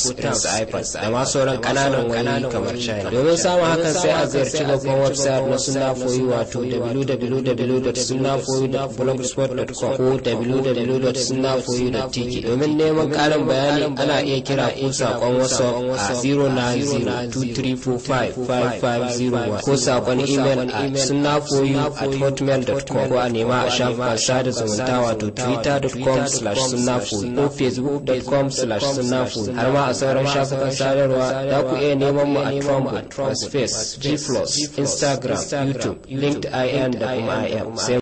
ipad ma sauran kananan wani kamar china domin samun hakan sai a ziyarci babban website na suna foyi wato www.sunafoyi.blogspot.com ko www.sunafoyi.tk domin neman karin bayani ana iya kira ko saƙon whatsapp a 0902345501 ko saƙon email a sunnafoyi at hotmail.com ko a nema a shafukan sada zumunta wato twitter.com slash sunnafoyi ko facebook.com slash sunnafoyi har ma a sauran shafukan sada sadarwa za ku iya neman mu a Trumbo, a Space, G+, Instagram, YouTube, LinkedIn da kuma IM.